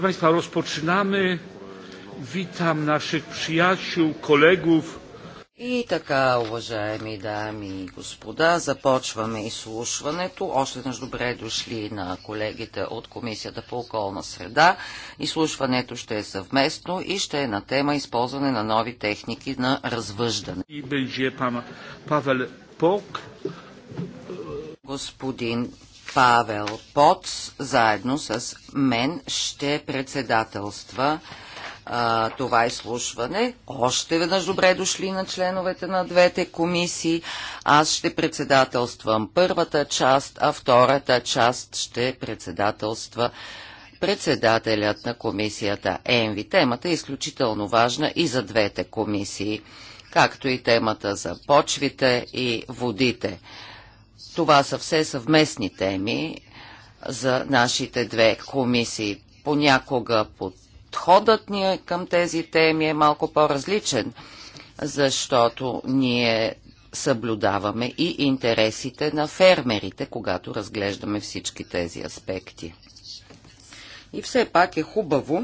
Proszę Państwa, rozpoczynamy. Witam naszych przyjaciół, kolegów. И така, уважаеми дами и господа, започваме изслушването. Още днъж добре дошли на колегите от Комисията по околна среда. Изслушването ще е съвместно и ще е на тема използване на нови техники на развъждане. И бъде пан Павел Пок. Господин Павел Поц заедно с мен ще председателства а, това изслушване. Още веднъж добре дошли на членовете на двете комисии. Аз ще председателствам първата част, а втората част ще председателства председателят на комисията ЕНВИ. Темата е изключително важна и за двете комисии, както и темата за почвите и водите. Това са все съвместни теми за нашите две комисии. Понякога подходът ни е към тези теми е малко по-различен, защото ние съблюдаваме и интересите на фермерите, когато разглеждаме всички тези аспекти. И все пак е хубаво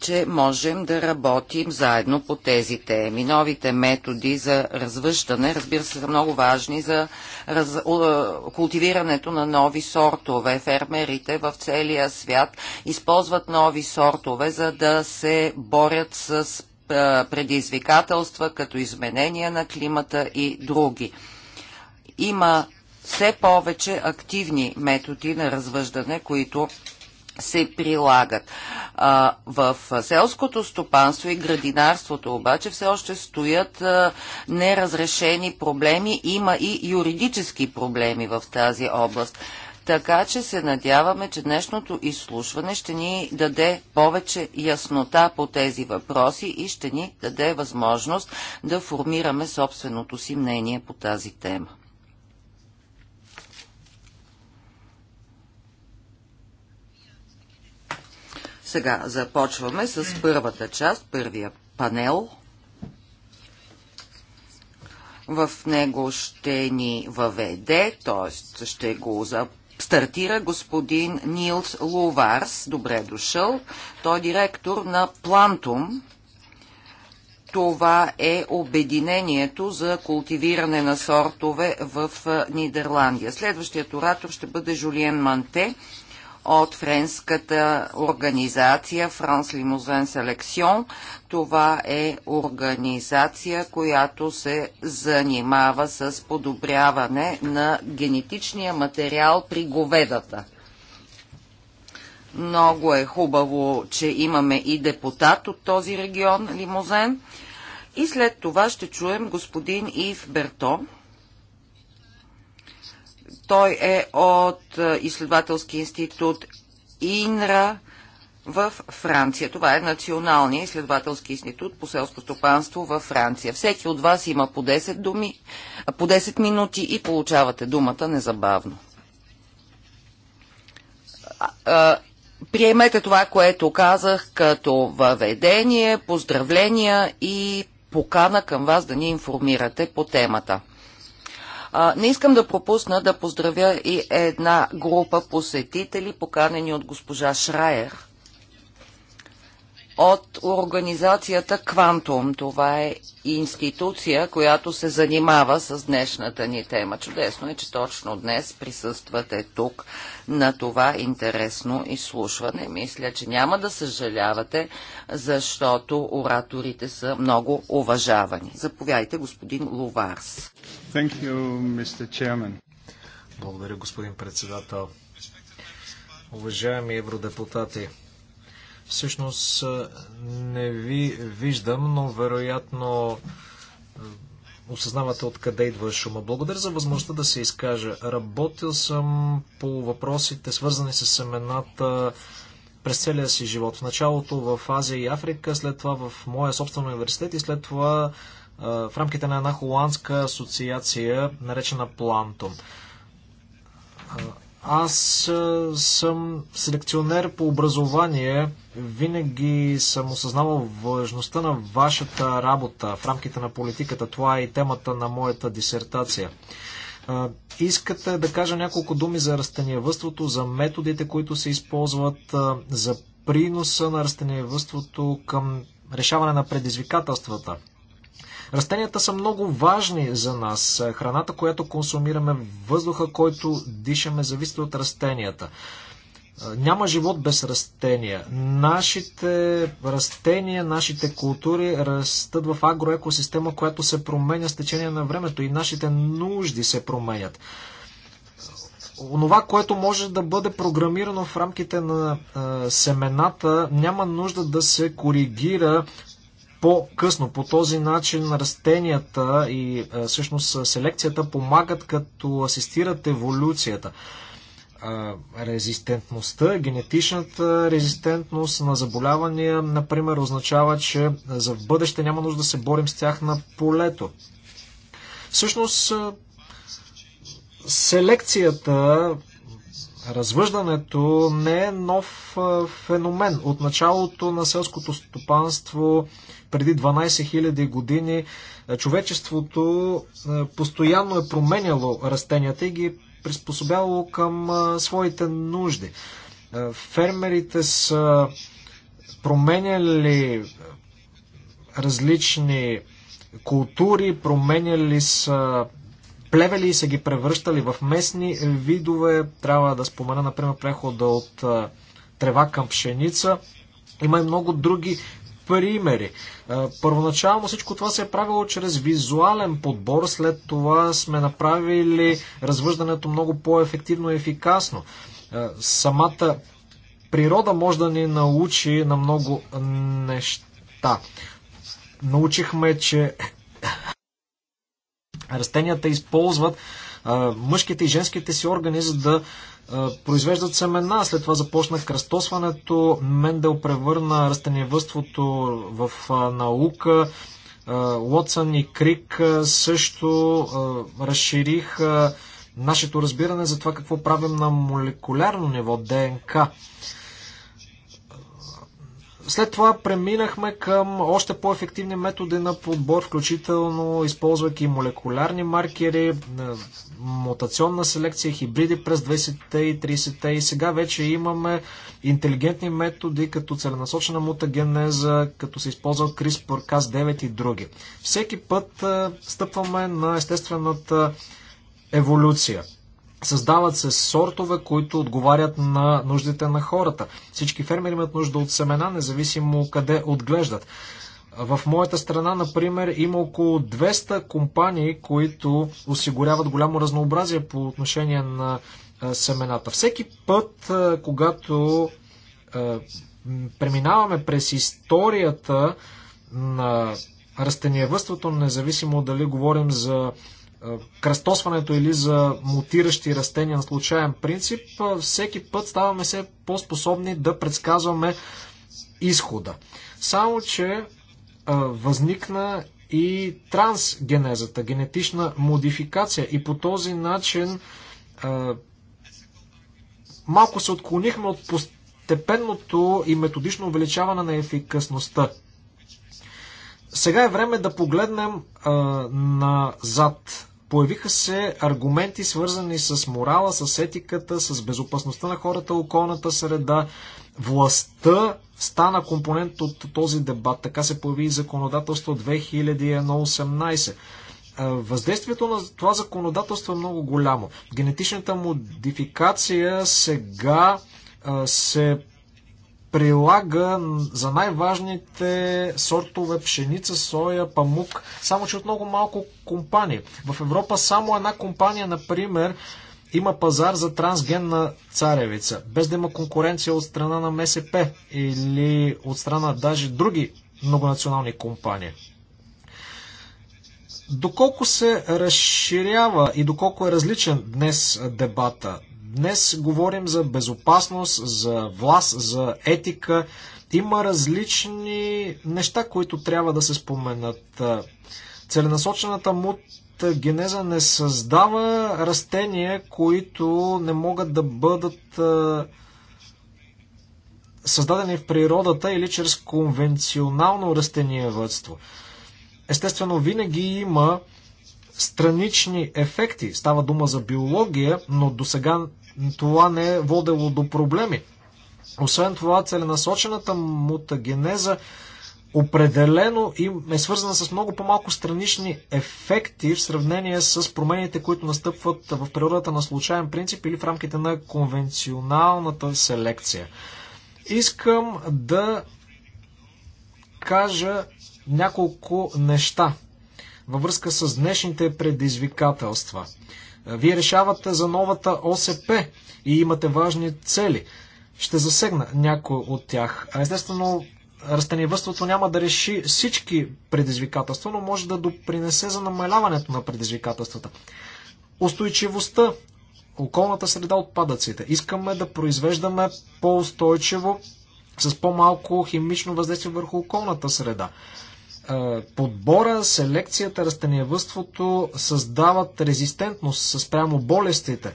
че можем да работим заедно по тези теми. Новите методи за развъщане, разбира се, са много важни за раз... култивирането на нови сортове. Фермерите в целия свят използват нови сортове, за да се борят с предизвикателства, като изменения на климата и други. Има все повече активни методи на развъждане, които се прилагат. А, в селското стопанство и градинарството обаче все още стоят а, неразрешени проблеми. Има и юридически проблеми в тази област. Така че се надяваме, че днешното изслушване ще ни даде повече яснота по тези въпроси и ще ни даде възможност да формираме собственото си мнение по тази тема. Сега започваме с първата част, първия панел. В него ще ни въведе, т.е. ще го стартира господин Нилс Луварс. Добре е дошъл. Той е директор на Плантум. Това е обединението за култивиране на сортове в Нидерландия. Следващият оратор ще бъде Жулиен Манте, от френската организация Франс Лимузен Селекцион. Това е организация, която се занимава с подобряване на генетичния материал при говедата. Много е хубаво, че имаме и депутат от този регион Лимузен. И след това ще чуем господин Ив Берто, той е от е, изследователски институт ИНРА в Франция. Това е Националния изследователски институт по селско стопанство във Франция. Всеки от вас има по 10, думи, по 10 минути и получавате думата незабавно. Приемете това, което казах като въведение, поздравления и покана към вас да ни информирате по темата. А, не искам да пропусна да поздравя и една група посетители, поканени от госпожа Шраер от организацията Квантум. Това е институция, която се занимава с днешната ни тема. Чудесно е, че точно днес присъствате тук на това интересно изслушване. Мисля, че няма да съжалявате, защото ораторите са много уважавани. Заповядайте, господин Ловарс. Thank you, Mr. Chairman. Благодаря, господин председател. Уважаеми евродепутати, всъщност не ви виждам, но вероятно осъзнавате откъде идва шума. Благодаря за възможността да се изкажа. Работил съм по въпросите, свързани с семената през целия си живот. В началото в Азия и Африка, след това в моя собствен университет и след това в рамките на една холандска асоциация, наречена Плантон. Аз съм селекционер по образование. Винаги съм осъзнавал важността на вашата работа в рамките на политиката. Това е и темата на моята дисертация. Искате да кажа няколко думи за растениевъството, за методите, които се използват, за приноса на растениевъството към решаване на предизвикателствата Растенията са много важни за нас. Храната, която консумираме, въздуха, който дишаме, зависи от растенията. Няма живот без растения. Нашите растения, нашите култури растат в агроекосистема, която се променя с течение на времето и нашите нужди се променят. Онова, което може да бъде програмирано в рамките на е, семената, няма нужда да се коригира по-късно. По този начин растенията и всъщност селекцията помагат като асистират еволюцията. Резистентността, генетичната резистентност на заболявания, например, означава, че за в бъдеще няма нужда да се борим с тях на полето. Всъщност, селекцията Развъждането не е нов феномен. От началото на селското стопанство преди 12 000 години човечеството постоянно е променяло растенията и ги е приспособявало към своите нужди. Фермерите са променяли различни култури, променяли са плевели и са ги превръщали в местни видове. Трябва да спомена, например, прехода от трева към пшеница. Има и много други примери. Първоначално всичко това се е правило чрез визуален подбор, след това сме направили развъждането много по-ефективно и ефикасно. Самата природа може да ни научи на много неща. Научихме, че Растенията използват мъжките и женските си органи, за да произвеждат семена. След това започна кръстосването. Мендел превърна растениевътството в наука. Лотсън и Крик също разшириха нашето разбиране за това какво правим на молекулярно ниво ДНК. След това преминахме към още по-ефективни методи на подбор, включително използвайки молекулярни маркери, е, мутационна селекция, хибриди през 20-те и 30-те и сега вече имаме интелигентни методи, като целенасочена мутагенеза, като се използва CRISPR, Cas9 и други. Всеки път е, стъпваме на естествената еволюция. Създават се сортове, които отговарят на нуждите на хората. Всички фермери имат нужда от семена, независимо къде отглеждат. В моята страна, например, има около 200 компании, които осигуряват голямо разнообразие по отношение на семената. Всеки път, когато преминаваме през историята на растениевъството, независимо дали говорим за е, кръстосването или за мутиращи растения на случайен принцип, е, всеки път ставаме все по-способни да предсказваме изхода. Само, че е, възникна и трансгенезата, генетична модификация и по този начин малко се отклонихме от постепенното и методично увеличаване на ефикасността. Сега е време да погледнем а, назад. Появиха се аргументи, свързани с морала, с етиката, с безопасността на хората, околната среда. Властта стана компонент от този дебат. Така се появи и законодателство 2018. Въздействието на това законодателство е много голямо. Генетичната модификация сега се прилага за най-важните сортове пшеница, соя, памук, само че от много малко компании. В Европа само една компания, например, има пазар за трансгенна царевица, без да има конкуренция от страна на МСП или от страна даже други многонационални компании. Доколко се разширява и доколко е различен днес дебата? Днес говорим за безопасност, за власт, за етика. Има различни неща, които трябва да се споменат. Целенасочената мутагенеза не създава растения, които не могат да бъдат създадени в природата или чрез конвенционално растениевътство. Естествено, винаги има странични ефекти. Става дума за биология, но до сега това не е водело до проблеми. Освен това, целенасочената мутагенеза определено е свързана с много по-малко странични ефекти в сравнение с промените, които настъпват в природата на случайен принцип или в рамките на конвенционалната селекция. Искам да кажа няколко неща във връзка с днешните предизвикателства. Е, вие решавате за новата ОСП и имате важни цели. Ще засегна някой от тях. А естествено, растениевъдството няма да реши всички предизвикателства, но може да допринесе за намаляването на предизвикателствата. Устойчивостта, околната среда, отпадъците. Искаме да произвеждаме по-устойчиво, с по-малко химично въздействие върху околната среда. Е, подбора, селекцията, растениевътството създават резистентност спрямо болестите.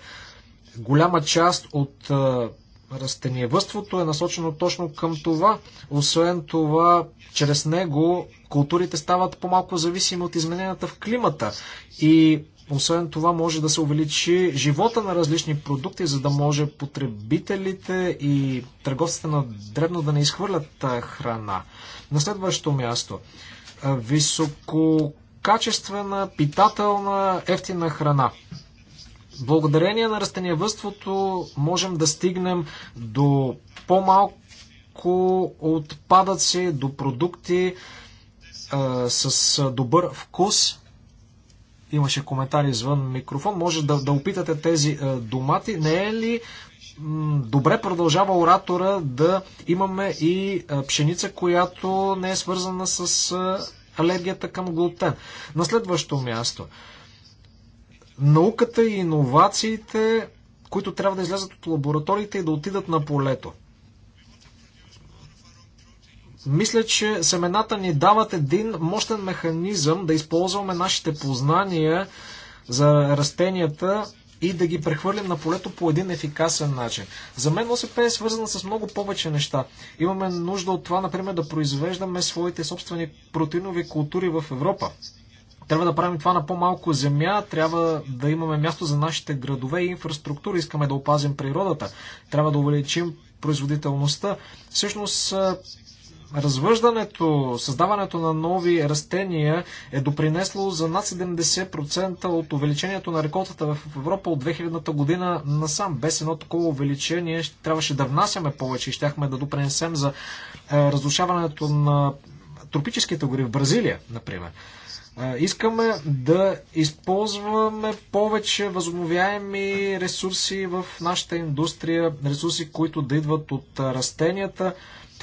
Голяма част от е, растениевътството е насочено точно към това. Освен това, чрез него културите стават по-малко зависими от измененията в климата и освен това може да се увеличи живота на различни продукти, за да може потребителите и търговците на дребно да не изхвърлят е, храна. На следващо място, висококачествена, питателна, ефтина храна. Благодарение на растениевътството можем да стигнем до по-малко отпадъци, до продукти а, с добър вкус. Имаше коментар извън микрофон. Може да, да опитате тези а, домати. Не е ли добре продължава оратора да имаме и пшеница, която не е свързана с алергията към глутен. На следващо място. Науката и иновациите, които трябва да излязат от лабораториите и да отидат на полето. Мисля, че семената ни дават един мощен механизъм да използваме нашите познания за растенията и да ги прехвърлим на полето по един ефикасен начин. За мен ОСП е свързана с много повече неща. Имаме нужда от това, например, да произвеждаме своите собствени протеинови култури в Европа. Трябва да правим това на по-малко земя, трябва да имаме място за нашите градове и инфраструктура, искаме да опазим природата, трябва да увеличим производителността. Всъщност Развъждането, създаването на нови растения е допринесло за над 70% от увеличението на реколтата в Европа от 2000-та година насам. Без едно такова увеличение трябваше да внасяме повече и щяхме да допринесем за е, разрушаването на тропическите гори в Бразилия, например. Е, искаме да използваме повече възобновяеми ресурси в нашата индустрия, ресурси, които да идват от е, растенията.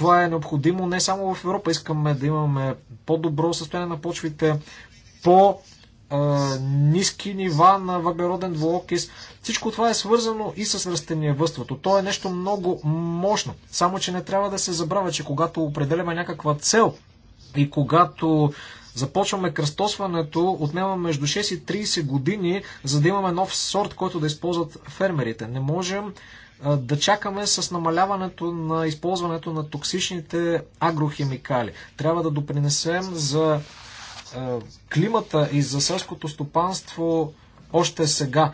Това е необходимо не само в Европа. Искаме да имаме по-добро състояние на почвите, по- ниски нива на въглероден двуокис. Всичко това е свързано и с растениевъдството. То е нещо много мощно. Само, че не трябва да се забравя, че когато определяме някаква цел и когато започваме кръстосването, отнема между 6 и 30 години, за да имаме нов сорт, който да използват фермерите. Не можем да чакаме с намаляването на използването на токсичните агрохимикали. Трябва да допринесем за е, климата и за селското стопанство още сега.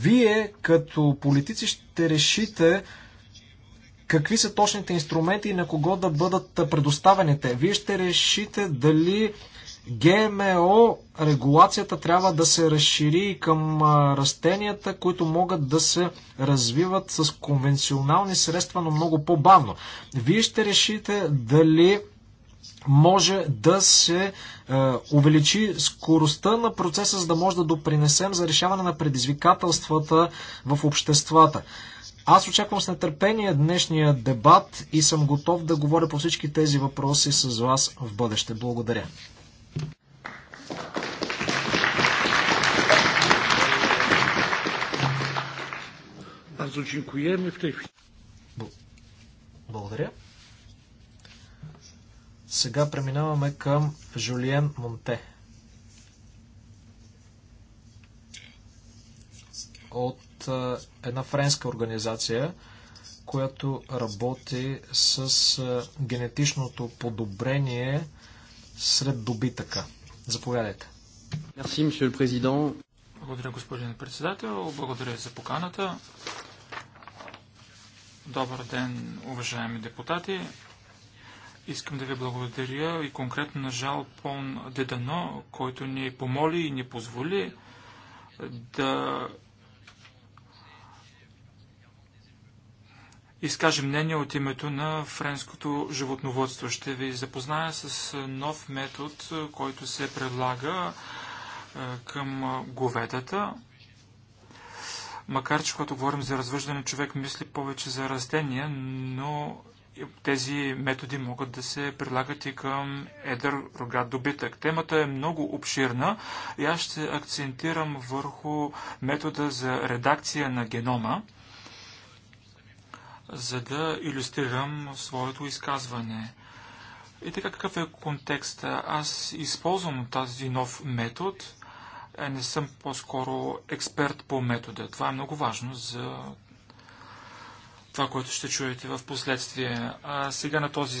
Вие като политици ще решите какви са точните инструменти и на кого да бъдат предоставените. Вие ще решите дали ГМО регулацията трябва да се разшири и към растенията, които могат да се развиват с конвенционални средства, но много по-бавно. Вие ще решите дали може да се е, увеличи скоростта на процеса, за да може да допринесем за решаване на предизвикателствата в обществата. Аз очаквам с нетърпение днешния дебат и съм готов да говоря по всички тези въпроси с вас в бъдеще. Благодаря. Bardzo dziękujemy w tej chwili. Благодаря. Сега преминаваме към Жулиен Монте. От една френска организация, която работи с генетичното подобрение сред добитъка. Заповядайте. Благодаря, господин председател. Благодаря за поканата. Добър ден, уважаеми депутати. Искам да ви благодаря и конкретно на Жал Пон Дедано, който ни помоли и ни позволи да изкаже мнение от името на френското животноводство. Ще ви запозная с нов метод, който се предлага е, към говедата. Макар, че когато говорим за развъждане, човек мисли повече за растения, но тези методи могат да се прилагат и към едър рогат добитък. Темата е много обширна и аз ще акцентирам върху метода за редакция на генома, за да иллюстрирам своето изказване. И така какъв е контекста? Аз използвам тази нов метод – е, не съм по-скоро експерт по метода. Това е много важно за това, което ще чуете в последствие. А сега на този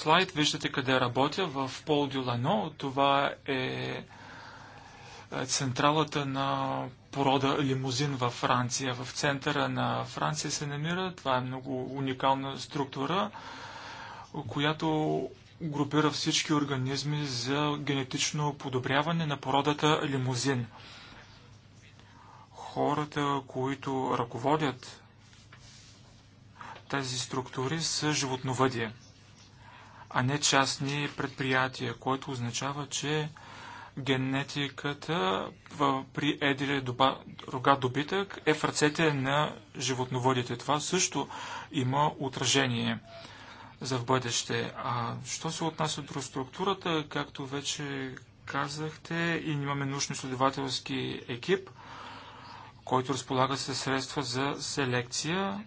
слайд виждате къде работя в Пол Дюлано. Това е, е централата на порода лимузин във Франция. В центъра на Франция се намира. Това е много уникална структура, която групира всички организми за генетично подобряване на породата лимузин. Хората, които ръководят тези структури са животновъдие, а не частни предприятия, което означава, че генетиката при едрия рога добитък е в ръцете на животновъдите. Това също има отражение за в бъдеще. А що се отнася до структурата, както вече казахте, и имаме научно-изследователски екип, който разполага със средства за селекция.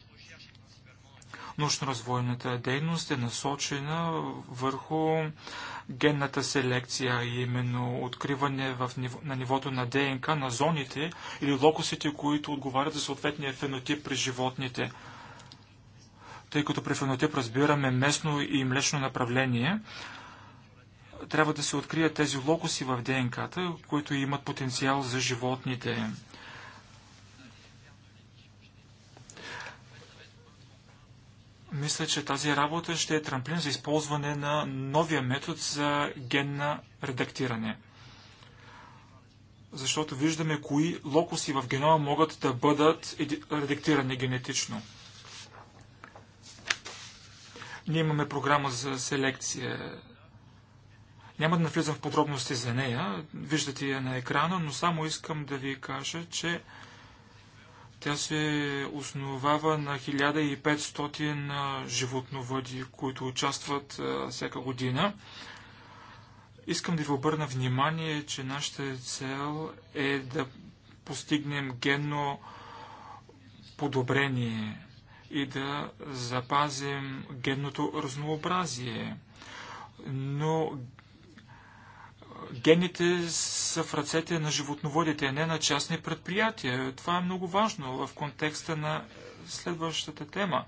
Научно-развойната дейност е насочена върху генната селекция, именно откриване в ниво, на нивото на ДНК на зоните или локусите, които отговарят за съответния фенотип при животните – тъй като при фенотип разбираме местно и млечно направление, трябва да се открият тези локуси в ДНК-та, които имат потенциал за животните. Мисля, че тази работа ще е трамплин за използване на новия метод за генна редактиране. Защото виждаме кои локуси в генома могат да бъдат редактирани генетично. Ние имаме програма за селекция. Няма да навлизам в подробности за нея, виждате я на екрана, но само искам да ви кажа, че тя се основава на 1500 животновъди, които участват всяка година. Искам да ви обърна внимание, че нашата цел е да постигнем генно подобрение и да запазим генното разнообразие. Но гените са в ръцете на животноводите, не на частни предприятия. Това е много важно в контекста на следващата тема.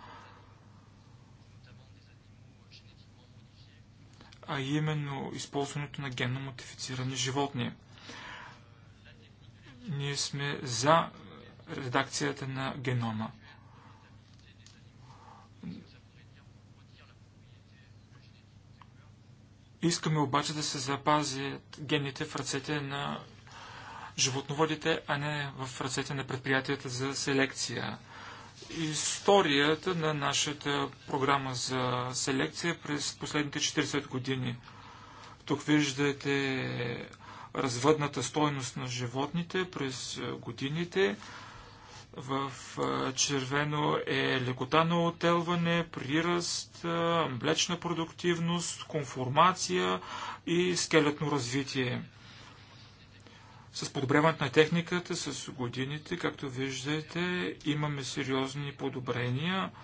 а именно използването на генно модифицирани животни. Ние сме за редакцията на генома. Искаме обаче да се запазят гените в ръцете на животноводите, а не в ръцете на предприятията за селекция. Историята на нашата програма за селекция през последните 40 години. Тук виждате развъдната стойност на животните през годините. В червено е лекота на отелване, приръст, млечна продуктивност, конформация и скелетно развитие. С подобряването на техниката, с годините, както виждате, имаме сериозни подобрения –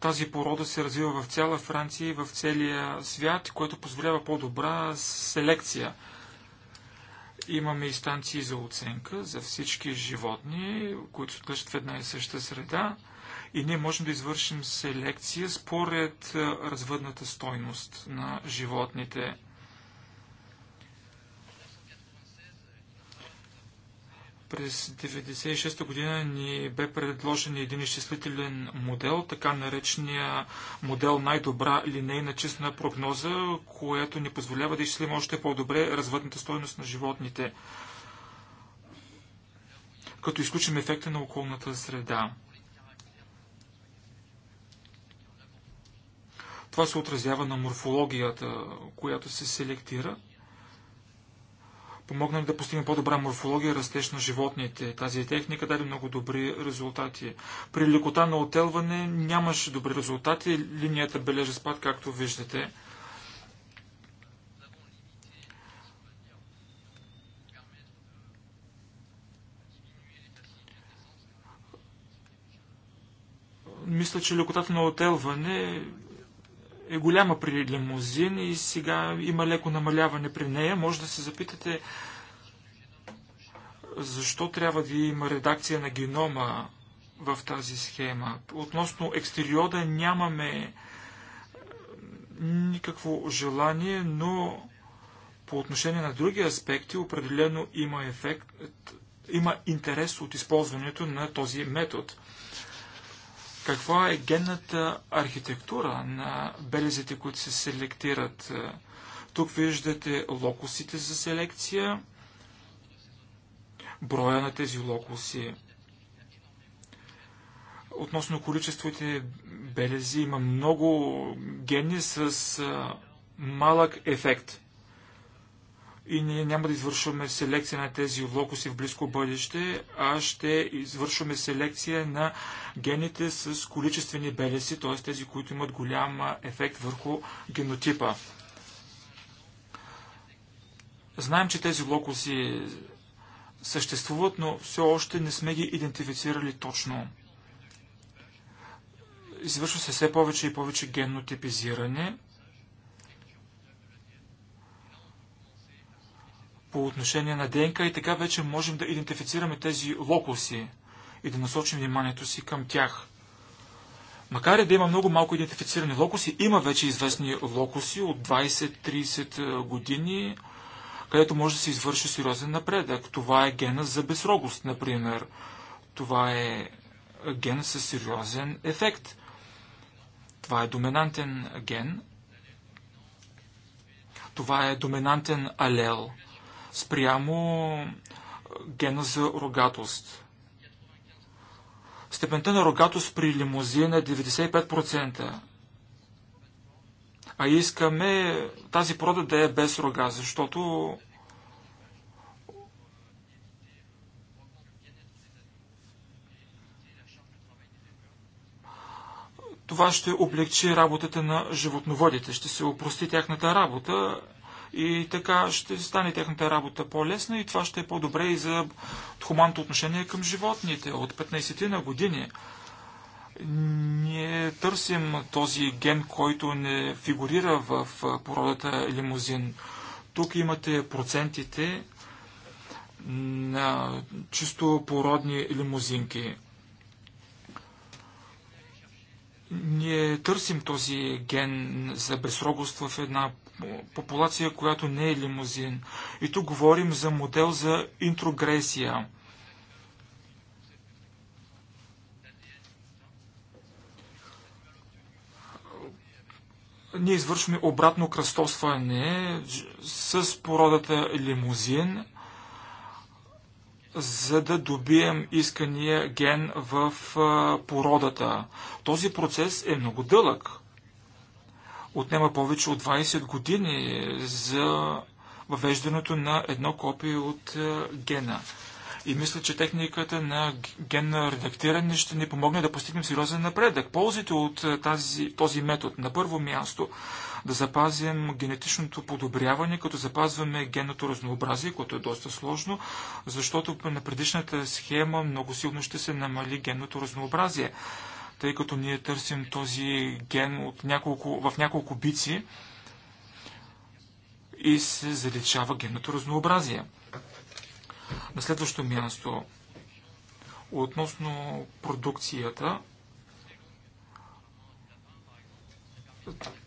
Тази порода се развива в цяла Франция и в целия свят, което позволява по-добра селекция. Имаме и станции за оценка за всички животни, които се отлъщат в една и съща среда и ние можем да извършим селекция според развъдната стойност на животните. През 1996 година ни бе предложен един изчислителен модел, така наречения модел най-добра линейна числена прогноза, която ни позволява да изчислим още по-добре развъдната стойност на животните, като изключим ефекта на околната среда. Това се отразява на морфологията, която се селектира – помогнали да постигнем по-добра морфология растеж на животните. Тази техника даде много добри резултати. При лекота на отелване нямаше добри резултати. Линията бележи спад, както виждате. Мисля, че лекотата на отелване е голяма при лимузин и сега има леко намаляване при нея. Може да се запитате защо трябва да има редакция на генома в тази схема. Относно екстериода нямаме никакво желание, но по отношение на други аспекти определено има ефект, има интерес от използването на този метод каква е генната архитектура на белезите, които се селектират. Е, тук виждате локусите за селекция, броя на тези локуси. Относно количеството белези има много гени с е, малък ефект и ние няма да извършваме селекция на тези локуси в близко бъдеще, а ще извършваме селекция на гените с количествени белеси, т.е. тези, които имат голям ефект върху генотипа. Знаем, че тези локуси съществуват, но все още не сме ги идентифицирали точно. Извършва се все повече и повече генотипизиране. типизиране по отношение на ДНК и така вече можем да идентифицираме тези локуси и да насочим вниманието си към тях. Макар и да има много малко идентифицирани локуси, има вече известни локуси от 20-30 е, години, където може да се извърши сериозен напредък. Това е гена за безрогост, например. Това е ген със сериозен ефект. Това е доминантен ген. Това е доминантен алел – спрямо гена за рогатост. Степента на рогатост при лимузина е 95%. А искаме тази прода да е без рога, защото това ще облегчи работата на животноводите, ще се опрости тяхната работа и така ще стане техната работа по-лесна и това ще е по-добре и за хуманното отношение към животните. От 15-ти на години ние търсим този ген, който не фигурира в породата лимузин. Тук имате процентите на чисто породни лимузинки. Ние търсим този ген за безрогост в една популация, която не е лимузин. И тук говорим за модел за интрогресия. Ние извършваме обратно кръстосване с породата лимузин, за да добием искания ген в породата. Този процес е много дълъг отнема повече от 20 години за въвеждането на едно копие от е, гена. И мисля, че техниката на генна редактиране ще ни помогне да постигнем сериозен напредък. Ползите от е, тази, този метод на първо място да запазим генетичното подобряване, като запазваме генното разнообразие, което е доста сложно, защото на предишната схема много силно ще се намали генното разнообразие тъй като ние търсим този ген от няколко, в няколко бици и се заличава генното разнообразие. На следващо място, относно продукцията,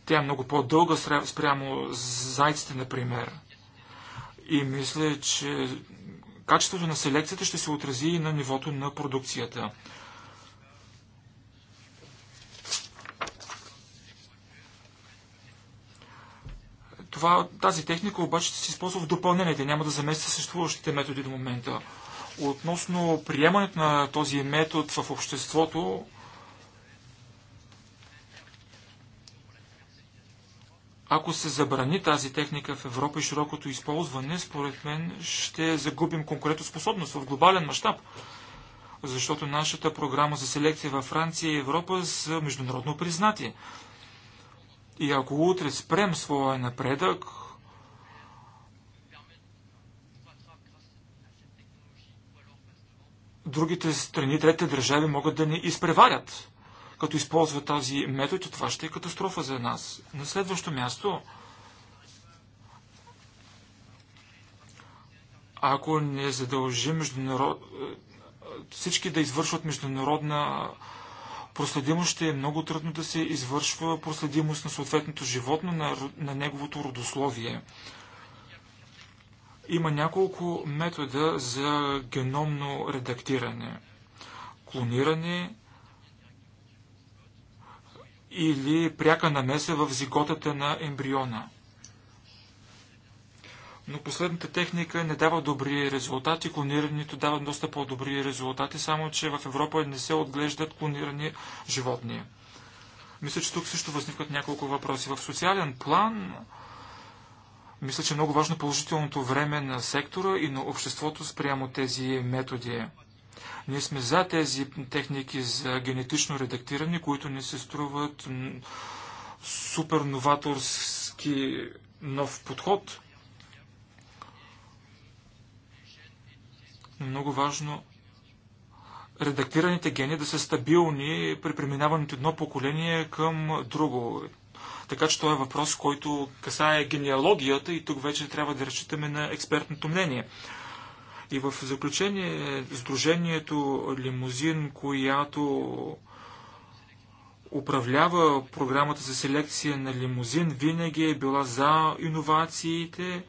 тя е много по-дълга спрямо зайците, например. И мисля, че качеството на селекцията ще се отрази и на нивото на продукцията. Това, тази техника обаче ще се използва в допълнение. няма да замести съществуващите методи до момента. Относно приемането на този метод в обществото, Ако се забрани тази техника в Европа и широкото използване, според мен ще загубим конкурентоспособност в глобален мащаб. Защото нашата програма за селекция във Франция и Европа са международно признати. И ако утре спрем своя напредък, другите страни, трети държави могат да ни изпреварят. Като използват тази метод, това ще е катастрофа за нас. На следващо място, ако не задължим международ... всички да извършват международна проследимо ще е много трудно да се извършва проследимост на съответното животно, на, на неговото родословие. Има няколко метода за геномно редактиране. Клониране или пряка намеса в зиготата на ембриона – но последната техника не дава добри резултати, клонирането дава доста по-добри резултати, само че в Европа не се отглеждат клонирани животни. Мисля, че тук също възникват няколко въпроси. В социален план, мисля, че е много важно положителното време на сектора и на обществото спрямо тези методи. Ние сме за тези техники за генетично редактиране, които не се струват супер новаторски нов подход, много важно редактираните гени да са стабилни при преминаването едно поколение към друго. Така че това е въпрос, който касае генеалогията и тук вече трябва да разчитаме на експертното мнение. И в заключение, Сдружението Лимузин, която управлява програмата за селекция на лимузин, винаги е била за иновациите,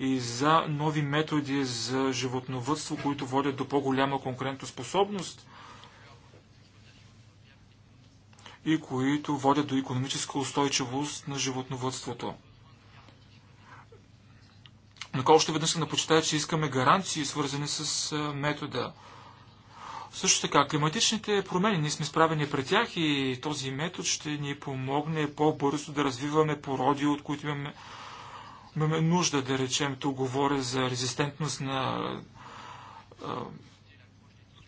и за нови методи за животновътство, които водят до по-голяма конкурентоспособност и които водят до економическа устойчивост на животновътството. Нако още веднъж да почитая, че искаме гаранции, свързани с метода. Също така, климатичните промени, ние сме справени пред тях и този метод ще ни помогне по-бързо да развиваме породи, от които имаме имаме нужда, да речем, тук говоря за резистентност на а,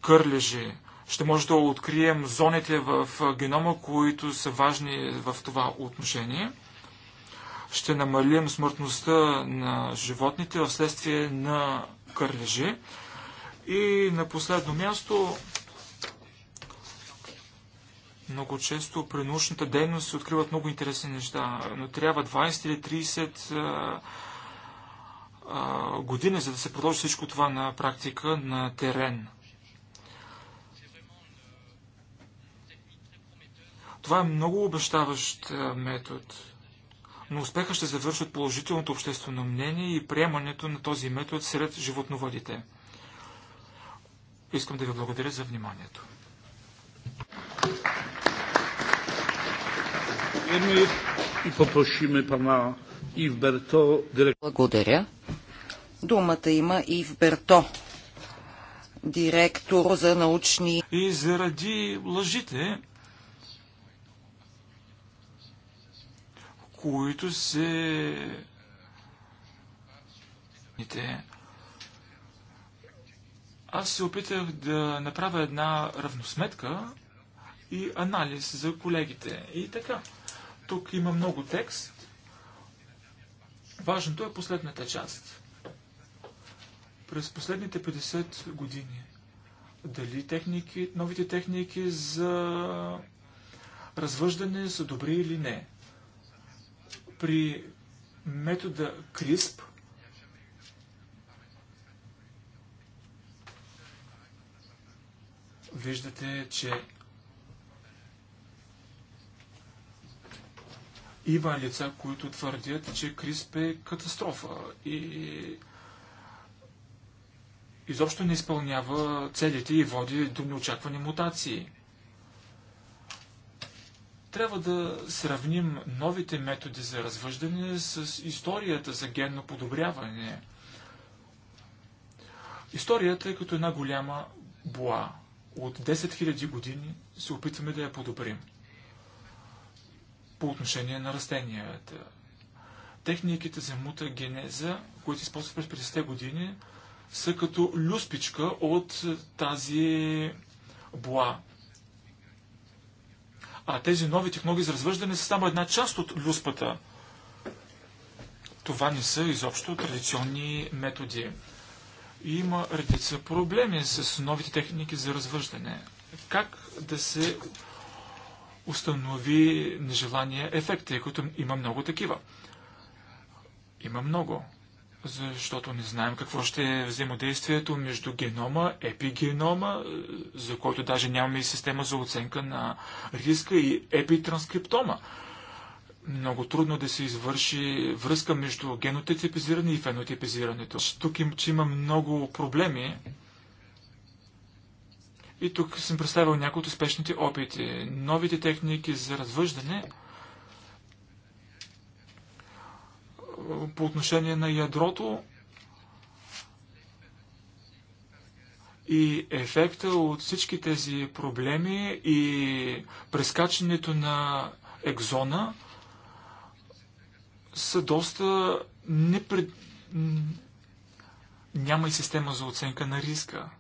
кърлежи. Ще може да открием зоните в генома, които са важни в това отношение. Ще намалим смъртността на животните вследствие на кърлежи. И на последно място много често при научната дейност се откриват много интересни неща, но трябва 20 или 30 години, за да се продължи всичко това на практика, на терен. Това е много обещаващ метод, но успеха ще завършат положителното обществено мнение и приемането на този метод сред животновъдите. Искам да ви благодаря за вниманието. Благодаря. Думата има Ив Берто, директор за научни... И заради лъжите, които се... Аз се опитах да направя една равносметка и анализ за колегите. И така. Тук има много текст. Важното е последната част. През последните 50 години дали техники, новите техники за развъждане са добри или не. При метода CRISP виждате, че Има лица, които твърдят, че Крисп е катастрофа и изобщо не изпълнява целите и води до неочаквани мутации. Трябва да сравним новите методи за развъждане с историята за генно подобряване. Историята е като една голяма боа. От 10 000 години се опитваме да я подобрим по отношение на растенията. Техниките за мутагенеза, които използват през 50-те години, са като люспичка от тази бла. А тези нови технологии за развъждане са само една част от люспата. Това не са изобщо традиционни методи. И има редица проблеми с новите техники за развъждане. Как да се установи нежелания ефект, тъй като има много такива. Има много. Защото не знаем какво ще е взаимодействието между генома, епигенома, за който даже нямаме и система за оценка на риска и епитранскриптома. Много трудно да се извърши връзка между генотипизиране и фенотипизирането. Тук им, че има много проблеми, и тук съм представил някои от успешните опити, новите техники за развъждане по отношение на ядрото и ефекта от всички тези проблеми и прескачането на екзона са доста непред... Няма и система за оценка на риска.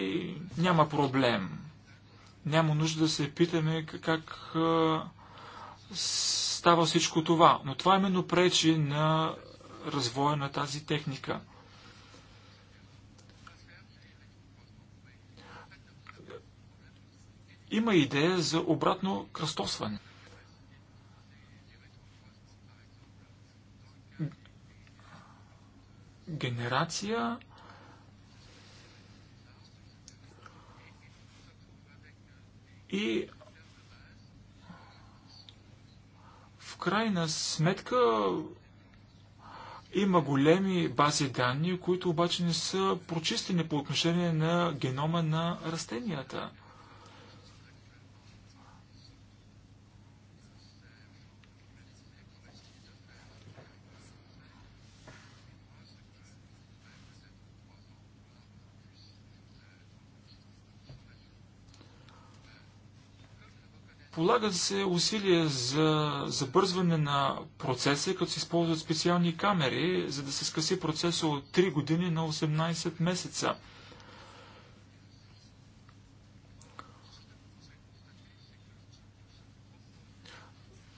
и няма проблем. Няма нужда да се питаме как става всичко това. Но това именно пречи на развоя на тази техника. Има идея за обратно кръстосване. Генерация И в крайна сметка има големи бази данни, които обаче не са прочистени по отношение на генома на растенията. Полагат се усилия за забързване на процеса, като се използват специални камери, за да се скъси процеса от 3 години на 18 месеца.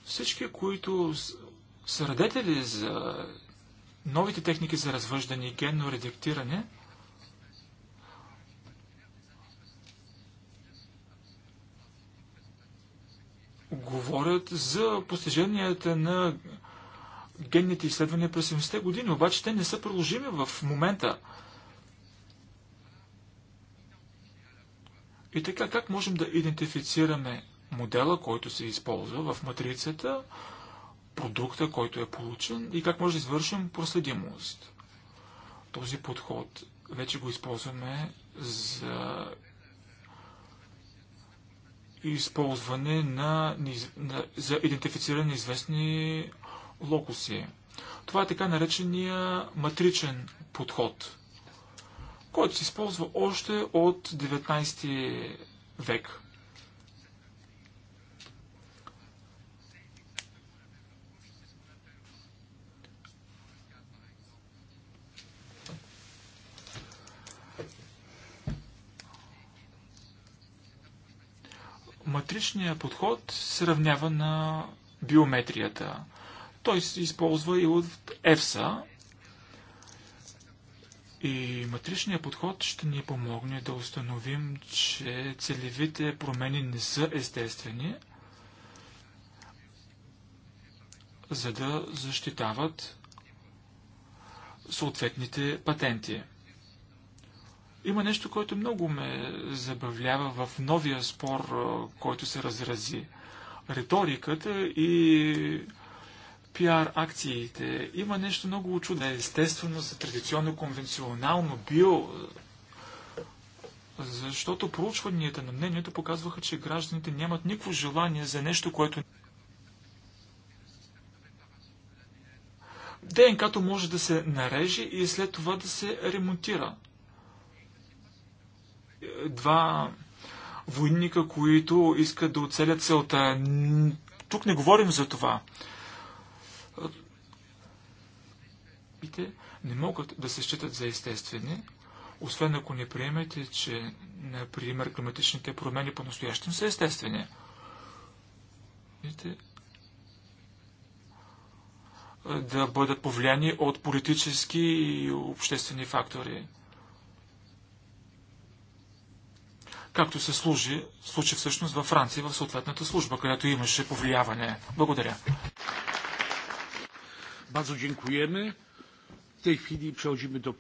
Всички, които са радетели за новите техники за развъждане и генно редактиране – говорят за постиженията на генните изследвания през 70-те години, обаче те не са приложими в момента. И така, как можем да идентифицираме модела, който се използва в матрицата, продукта, който е получен и как може да извършим проследимост? Този подход вече го използваме за използване на, на, за идентифициране на известни локуси. Това е така наречения матричен подход, който се използва още от 19 век. матричният подход се равнява на биометрията. Той се използва и от EFSA. И матричният подход ще ни помогне да установим, че целевите промени не са естествени, за да защитават съответните патенти. Има нещо, което много ме забавлява в новия спор, който се разрази. Риториката и пиар акциите. Има нещо много чудо. Естествено, за традиционно, конвенционално, био, защото проучванията на мнението показваха, че гражданите нямат никакво желание за нещо, което ДНК-то може да се нарежи и след това да се ремонтира два войника, които искат да оцелят целта. Тук не говорим за това. не могат да се считат за естествени, освен ако не приемете, че, например, климатичните промени по-настоящем са естествени. Видите? Да бъдат повлияни от политически и обществени фактори. както се служи, случи всъщност във Франция в съответната служба, където имаше повлияване. Благодаря. Базо dziękujemy. W tej chwili przechodzimy do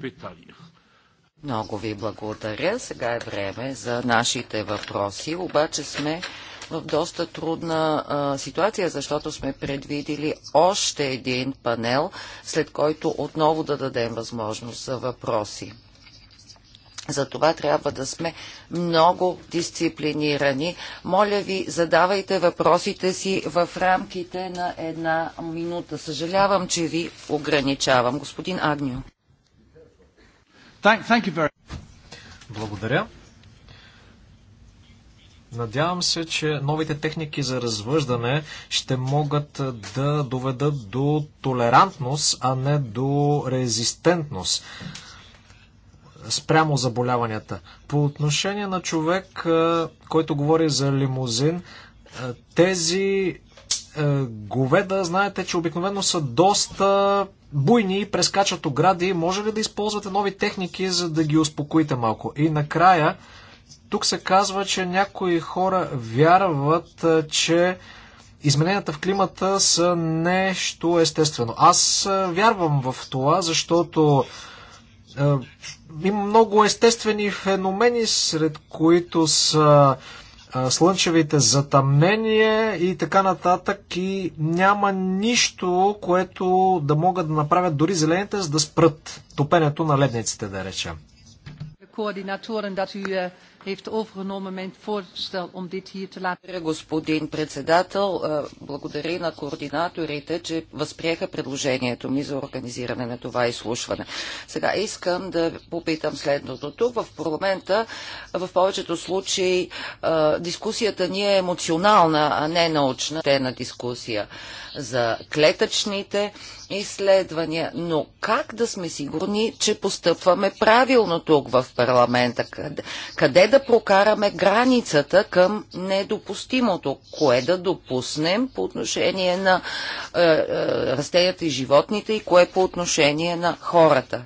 Много ви благодаря. Сега е време за нашите въпроси, обаче сме в доста трудна а, ситуация, защото сме предвидили още един панел, след който отново да дадем възможност за въпроси. Затова трябва да сме много дисциплинирани. Моля ви, задавайте въпросите си в рамките на една минута. Съжалявам, че ви ограничавам. Господин Агню. Благодаря. Надявам се, че новите техники за развъждане ще могат да доведат до толерантност, а не до резистентност спрямо заболяванията. По отношение на човек, който говори за лимузин, тези говеда, знаете, че обикновено са доста буйни и прескачат огради. Може ли да използвате нови техники, за да ги успокоите малко? И накрая, тук се казва, че някои хора вярват, че измененията в климата са нещо естествено. Аз вярвам в това, защото има много естествени феномени, сред които са слънчевите затъмнения и така нататък и няма нищо, което да могат да направят дори зелените, за да спрат топенето на ледниците, да речем. Господин председател, е, благодаря на координаторите, че възприеха предложението ми за организиране на това изслушване. Сега искам да попитам следното. Тук в парламента в повечето случаи е, дискусията ни е емоционална, а не научна. Те на дискусия за клетъчните изследвания. Но как да сме сигурни, че постъпваме правилно тук в парламента? Къде, къде да прокараме границата към недопустимото, кое да допуснем по отношение на е, е, растенията и животните и кое по отношение на хората.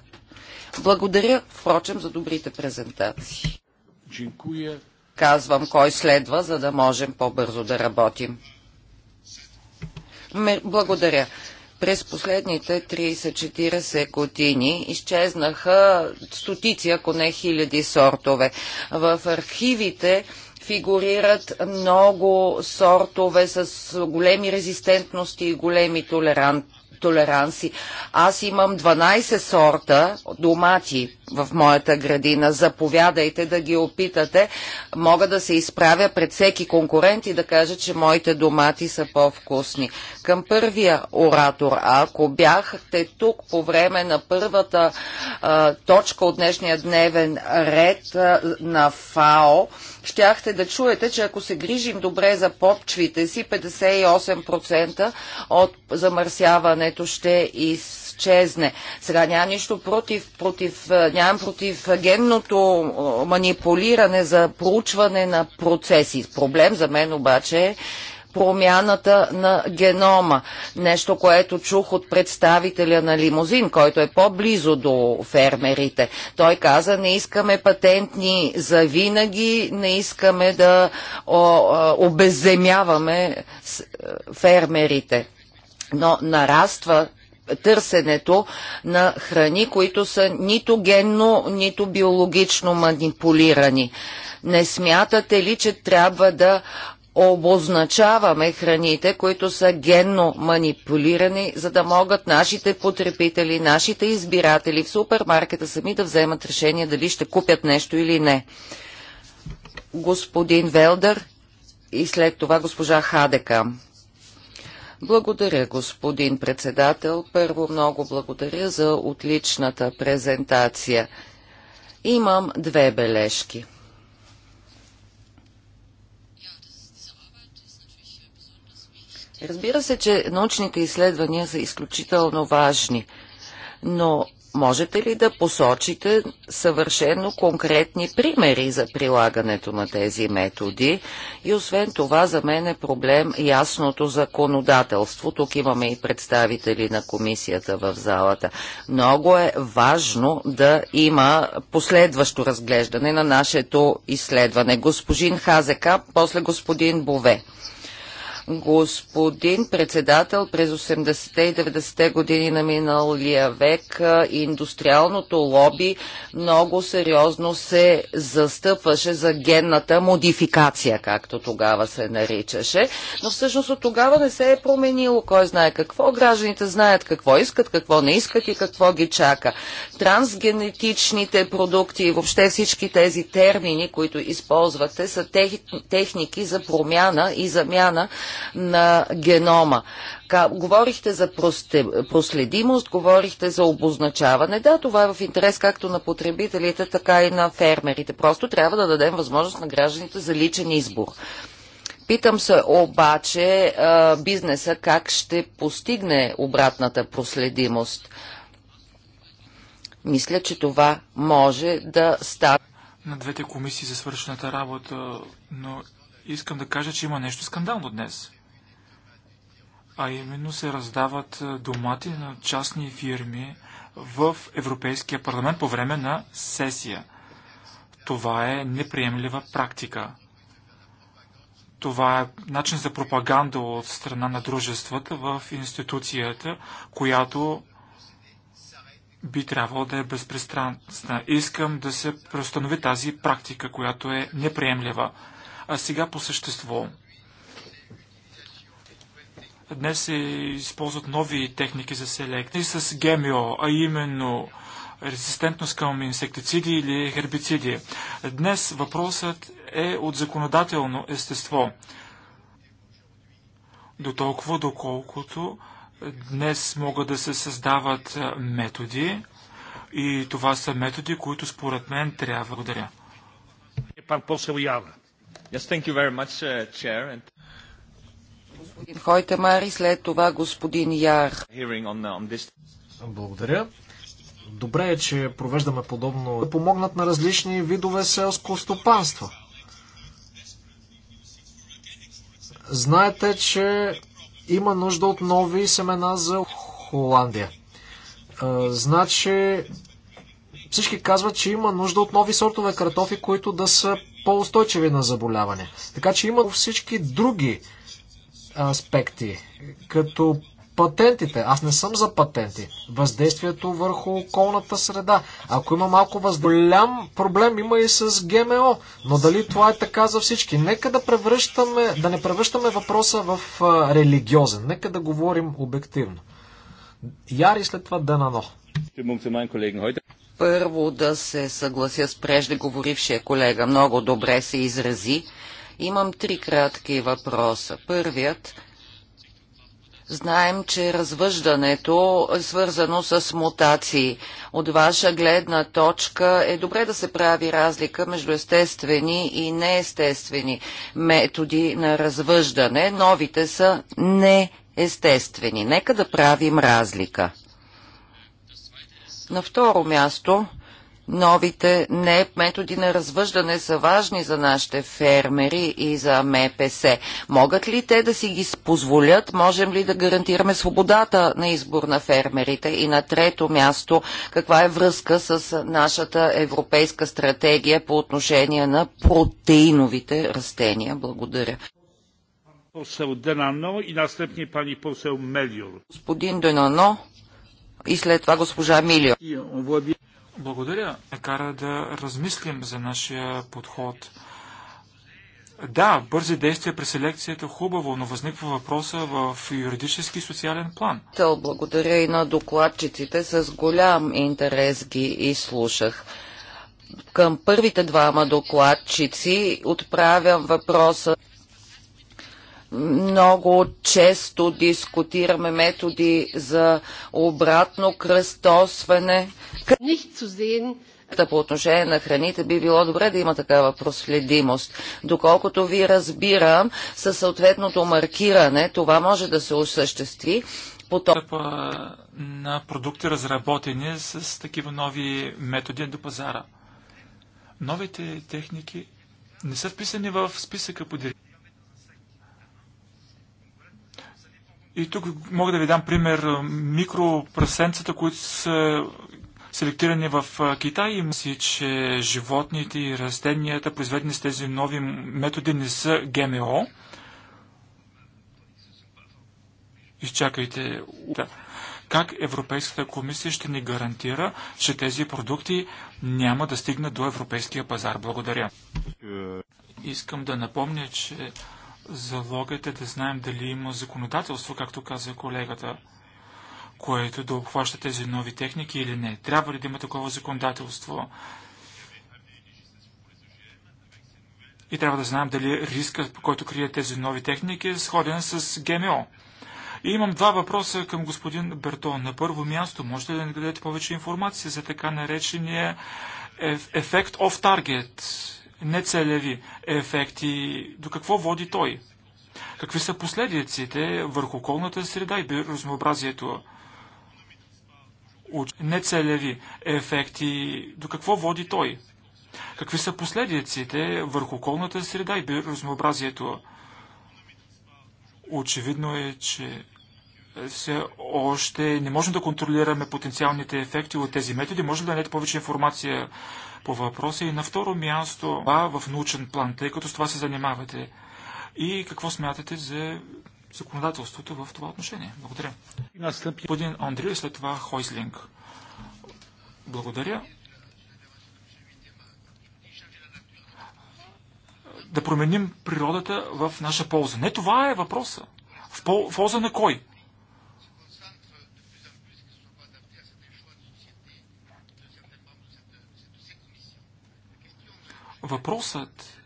Благодаря, впрочем, за добрите презентации. Казвам кой следва, за да можем по-бързо да работим. Благодаря през последните 30-40 години изчезнаха стотици, ако не хиляди сортове. В архивите фигурират много сортове с големи резистентности и големи толерант, толеранси. Аз имам 12 сорта домати в моята градина. Заповядайте да ги опитате. Мога да се изправя пред всеки конкурент и да кажа, че моите домати са по-вкусни. Към първия оратор, ако бяхте тук по време на първата а, точка от днешния дневен ред а, на ФАО, щяхте да чуете, че ако се грижим добре за попчвите си, 58% от замърсяването ще из изчезне. Сега няма нищо против, против, е, нямам против генното манипулиране за проучване на процеси. Проблем за мен обаче е, промяната на генома. Нещо, което чух от представителя на лимузин, който е по-близо до фермерите. Той каза, не искаме патентни за винаги, не искаме да обезземяваме фермерите. Но нараства търсенето на храни, които са нито генно, нито биологично манипулирани. Не смятате ли, че трябва да обозначаваме храните, които са генно манипулирани, за да могат нашите потребители, нашите избиратели в супермаркета сами да вземат решение дали ще купят нещо или не. Господин Велдър и след това госпожа Хадека. Благодаря, господин председател. Първо много благодаря за отличната презентация. Имам две бележки. Разбира се, че научните изследвания са изключително важни, но можете ли да посочите съвършено конкретни примери за прилагането на тези методи? И освен това, за мен е проблем ясното законодателство. Тук имаме и представители на комисията в залата. Много е важно да има последващо разглеждане на нашето изследване. Господин Хазека, после господин Бове господин председател през 80-те и 90-те години на миналия век индустриалното лоби много сериозно се застъпваше за генната модификация, както тогава се наричаше. Но всъщност от тогава не се е променило. Кой знае какво? Гражданите знаят какво искат, какво не искат и какво ги чака. Трансгенетичните продукти и въобще всички тези термини, които използвате, са техники за промяна и замяна на генома. Говорихте за проследимост, говорихте за обозначаване. Да, това е в интерес както на потребителите, така и на фермерите. Просто трябва да дадем възможност на гражданите за личен избор. Питам се обаче бизнеса как ще постигне обратната проследимост. Мисля, че това може да стане. На двете комисии за свършената работа, но искам да кажа, че има нещо скандално днес. А именно се раздават е, домати на частни фирми в Европейския парламент по време на сесия. Това е неприемлива практика. Това е начин за пропаганда от страна на дружествата в институцията, която би трябвало да е безпристрастна. Искам да се преустанови тази практика, която е неприемлива. А сега по същество. Днес се използват нови техники за селекция с ГМО, а именно резистентност към инсектициди или хербициди. Днес въпросът е от законодателно естество. До толкова, доколкото днес могат да се създават методи и това са методи, които според мен трябва. Благодаря. Yes, thank you very much, uh, chair, and... Господин Хойтемар и след това господин Яр. Uh, Благодаря. Добре е, че провеждаме подобно да помогнат на различни видове селско стопанство. Знаете, че има нужда от нови семена за Холандия. Значи всички казват, че има нужда от нови сортове картофи, които да са по-устойчиви на заболяване. Така че има всички други аспекти, като патентите. Аз не съм за патенти. Въздействието върху околната среда. Ако има малко голям проблем има и с ГМО. Но дали това е така за всички? Нека да, превръщаме, да не превръщаме въпроса в а, религиозен. Нека да говорим обективно. Яри след това денано. Първо да се съглася с преждеговорившия колега. Много добре се изрази. Имам три кратки въпроса. Първият Знаем, че развъждането е свързано с мутации. От ваша гледна точка е добре да се прави разлика между естествени и неестествени методи на развъждане. Новите са неестествени. Нека да правим разлика. На второ място, новите не методи на развъждане са важни за нашите фермери и за МПС. Могат ли те да си ги позволят? Можем ли да гарантираме свободата на избор на фермерите? И на трето място, каква е връзка с нашата европейска стратегия по отношение на протеиновите растения? Благодаря. Господин Денано и след това госпожа Милио. Благодаря. Кара да размислим за нашия подход. Да, бързи действия при селекцията е хубаво, но възниква въпроса в юридически и социален план. Благодаря и на докладчиците. С голям интерес ги изслушах. Към първите двама докладчици отправям въпроса много често дискутираме методи за обратно кръстосване. По отношение на храните би било добре да има такава проследимост. Доколкото ви разбирам, със съответното маркиране това може да се осъществи потоп. На продукти, разработени с такива нови методи до пазара. Новите техники не са вписани в списъка по директива. И тук мога да ви дам пример микропрасенцата, които са селектирани в Китай и си, че животните и растенията, произведени с тези нови методи, не са ГМО. Изчакайте. Да. Как Европейската комисия ще ни гарантира, че тези продукти няма да стигнат до европейския пазар? Благодаря. Е. Искам да напомня, че Залогът е да знаем дали има законодателство, както каза колегата, което да обхваща тези нови техники или не. Трябва ли да има такова законодателство? И трябва да знаем дали рискът, който крие тези нови техники, е сходен с ГМО. И имам два въпроса към господин Бертон. На първо място, можете да ни дадете повече информация за така наречения ефект оф таргет нецелеви ефекти, до какво води той? Какви са последиците върху околната среда и биоразнообразието? От нецелеви ефекти, до какво води той? Какви са последиците върху околната среда и биоразнообразието? Очевидно е, че все още не можем да контролираме потенциалните ефекти от тези методи. Може да дадете повече информация по въпроса? И на второ място, а в научен план, тъй като с това се занимавате. И какво смятате за законодателството в това отношение? Благодаря. Господин Андрио, след това Хойслинг. Благодаря. Да променим природата в наша полза. Не това е въпроса. В полза на кой? Въпросът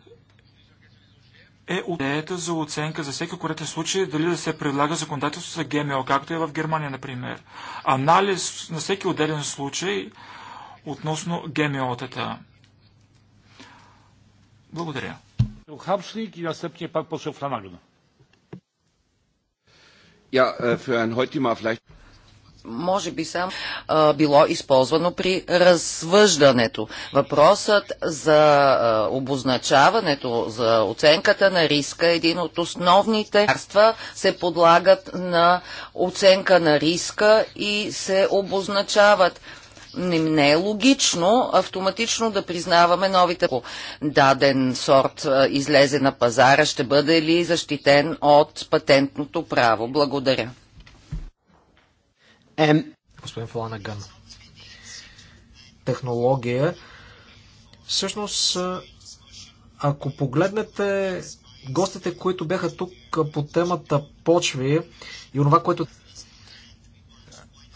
е идеята за оценка за всеки конкретен случай, дали да се предлага законодателство за ГМО, както е в Германия, например. Анализ на всеки отделен случай относно ГМО-тата. Благодаря. Хабшник и настъпния пак после Фланаген. Ja, äh, für vielleicht може би само а, било използвано при развъждането. Въпросът за а, обозначаването, за оценката на риска един от основните лекарства се подлагат на оценка на риска и се обозначават. Не, не е логично автоматично да признаваме новите. Даден сорт а, излезе на пазара, ще бъде ли защитен от патентното право? Благодаря. And... Господин Фланаган. Технология. Всъщност, ако погледнете гостите, които бяха тук по темата почви и това, което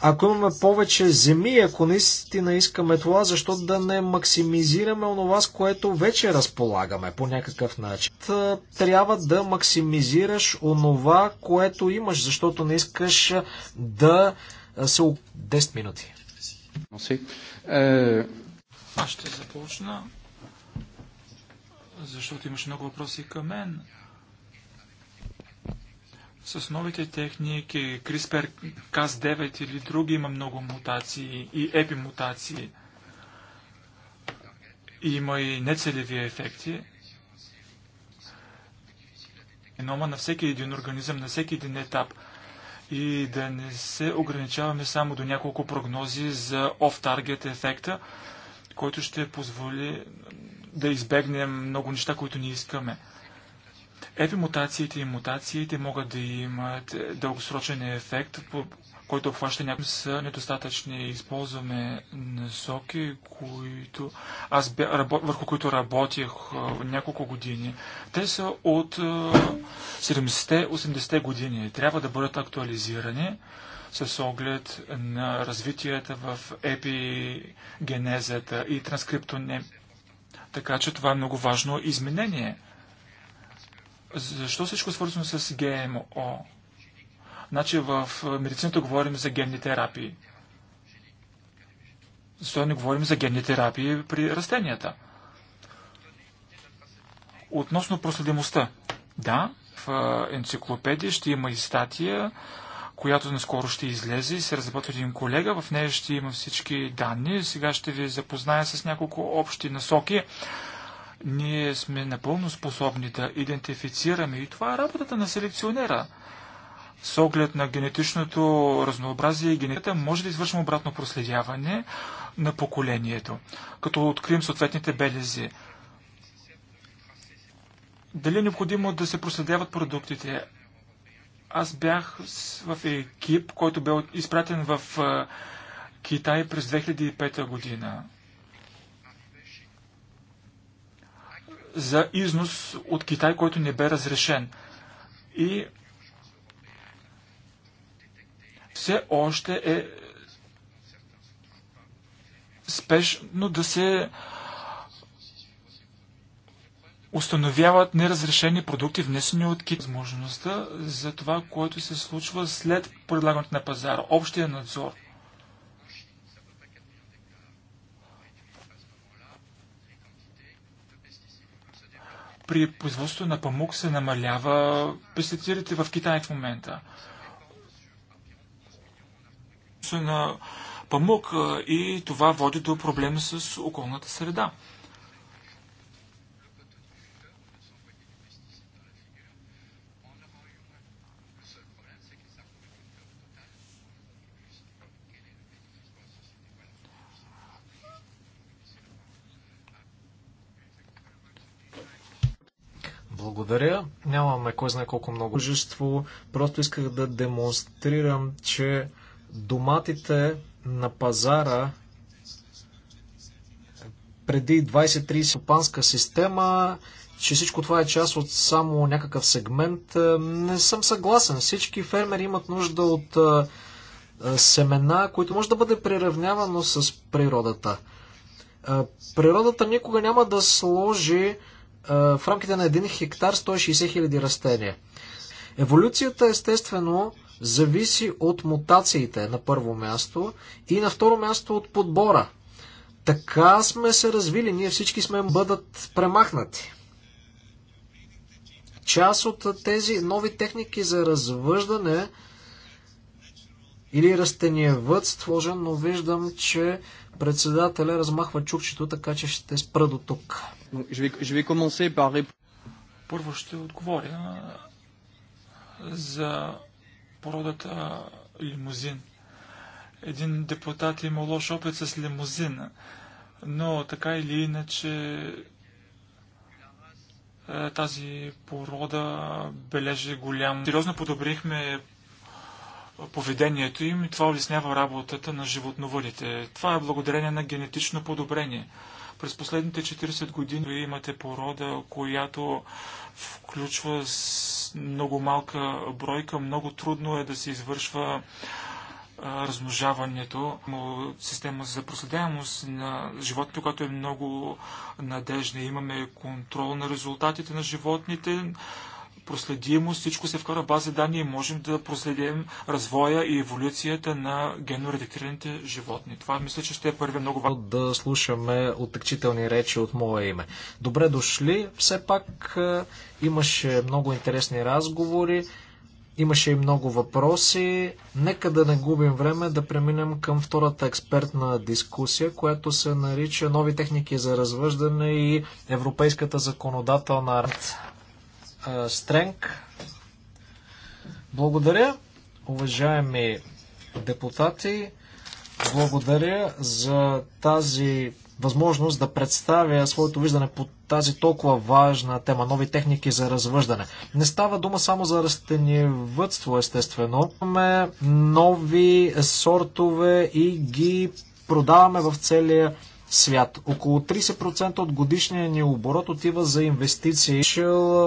ако имаме повече земи, ако наистина искаме това, защо да не максимизираме онова, с което вече разполагаме по някакъв начин? Трябва да максимизираш онова, което имаш, защото не искаш да са 10 минути. Е, Аз ще започна, защото имаш много въпроси към мен. С новите техники, CRISPR, Cas9 или други има много мутации и епимутации. Има и нецелеви ефекти. Енома на всеки един организъм, на всеки един етап – и да не се ограничаваме само до няколко прогнози за оф-таргет ефекта, който ще позволи да избегнем много неща, които не искаме. Епимутациите и мутациите могат да имат дългосрочен ефект, който обхваща някои са недостатъчни. Използваме насоки, които аз бе, рабо, върху които работих а, няколко години. Те са от 70-80 те години. Трябва да бъдат актуализирани с оглед на развитията в епигенезата и транскриптоне. Така че това е много важно изменение. Защо всичко свързано с ГМО? Значи в медицината говорим за генни терапии. Защо не говорим за генни терапии при растенията? Относно проследимостта. Да, в енциклопедия ще има и статия, която наскоро ще излезе и се разработва един колега. В нея ще има всички данни. Сега ще ви запозная с няколко общи насоки. Ние сме напълно способни да идентифицираме и това е работата на селекционера с оглед на генетичното разнообразие и генетиката, може да извършим обратно проследяване на поколението, като открием съответните белези. Дали е необходимо да се проследяват продуктите? Аз бях в екип, който бе изпратен в Китай през 2005 година за износ от Китай, който не бе разрешен. И все още е спешно да се установяват неразрешени продукти, внесени от Китай. Възможността за това, което се случва след предлагането на пазара, общия надзор. При производството на памук се намалява пестицидите в Китай в момента производство на памук и това води до проблеми с околната среда. благодаря. Нямаме кой знае колко много жество. Просто исках да демонстрирам, че доматите на пазара преди 20-30 стопанска система, че всичко това е част от само някакъв сегмент. Е, не съм съгласен. Всички фермери имат нужда от е, е, семена, които може да бъде приравнявано с природата. Природата никога няма да сложи в рамките на един хектар 160 000 растения. Еволюцията естествено зависи от мутациите на първо място и на второ място от подбора. Така сме се развили, ние всички сме бъдат премахнати. Част от тези нови техники за развъждане или растениевът сложен, но виждам, че председателя размахва чукчето, така че ще спра до тук. Първо ще отговоря за породата лимузин. Един депутат е имал лош опит с лимузин, но така или иначе тази порода бележи голям. Сериозно подобрихме поведението им и това улеснява работата на животновъдите. Това е благодарение на генетично подобрение. През последните 40 години имате порода, която включва много малка бройка, много трудно е да се извършва размножаването. Система за проследяемост на животните, която е много надежна. Имаме контрол на резултатите на животните, проследимост, всичко се вкара в база данни и можем да проследим развоя и еволюцията на генноредактираните животни. Това мисля, че ще е първи много важно. Да слушаме отекчителни речи от мое име. Добре дошли, все пак е, имаше много интересни разговори. Имаше и много въпроси. Нека да не губим време да преминем към втората експертна дискусия, която се нарича Нови техники за развъждане и Европейската законодателна арт. Стренг. Благодаря, уважаеми депутати. Благодаря за тази възможност да представя своето виждане по тази толкова важна тема нови техники за развъждане. Не става дума само за растениевътство, естествено. Имаме нови сортове и ги продаваме в целия свят. Около 30% от годишния ни оборот отива за инвестиции.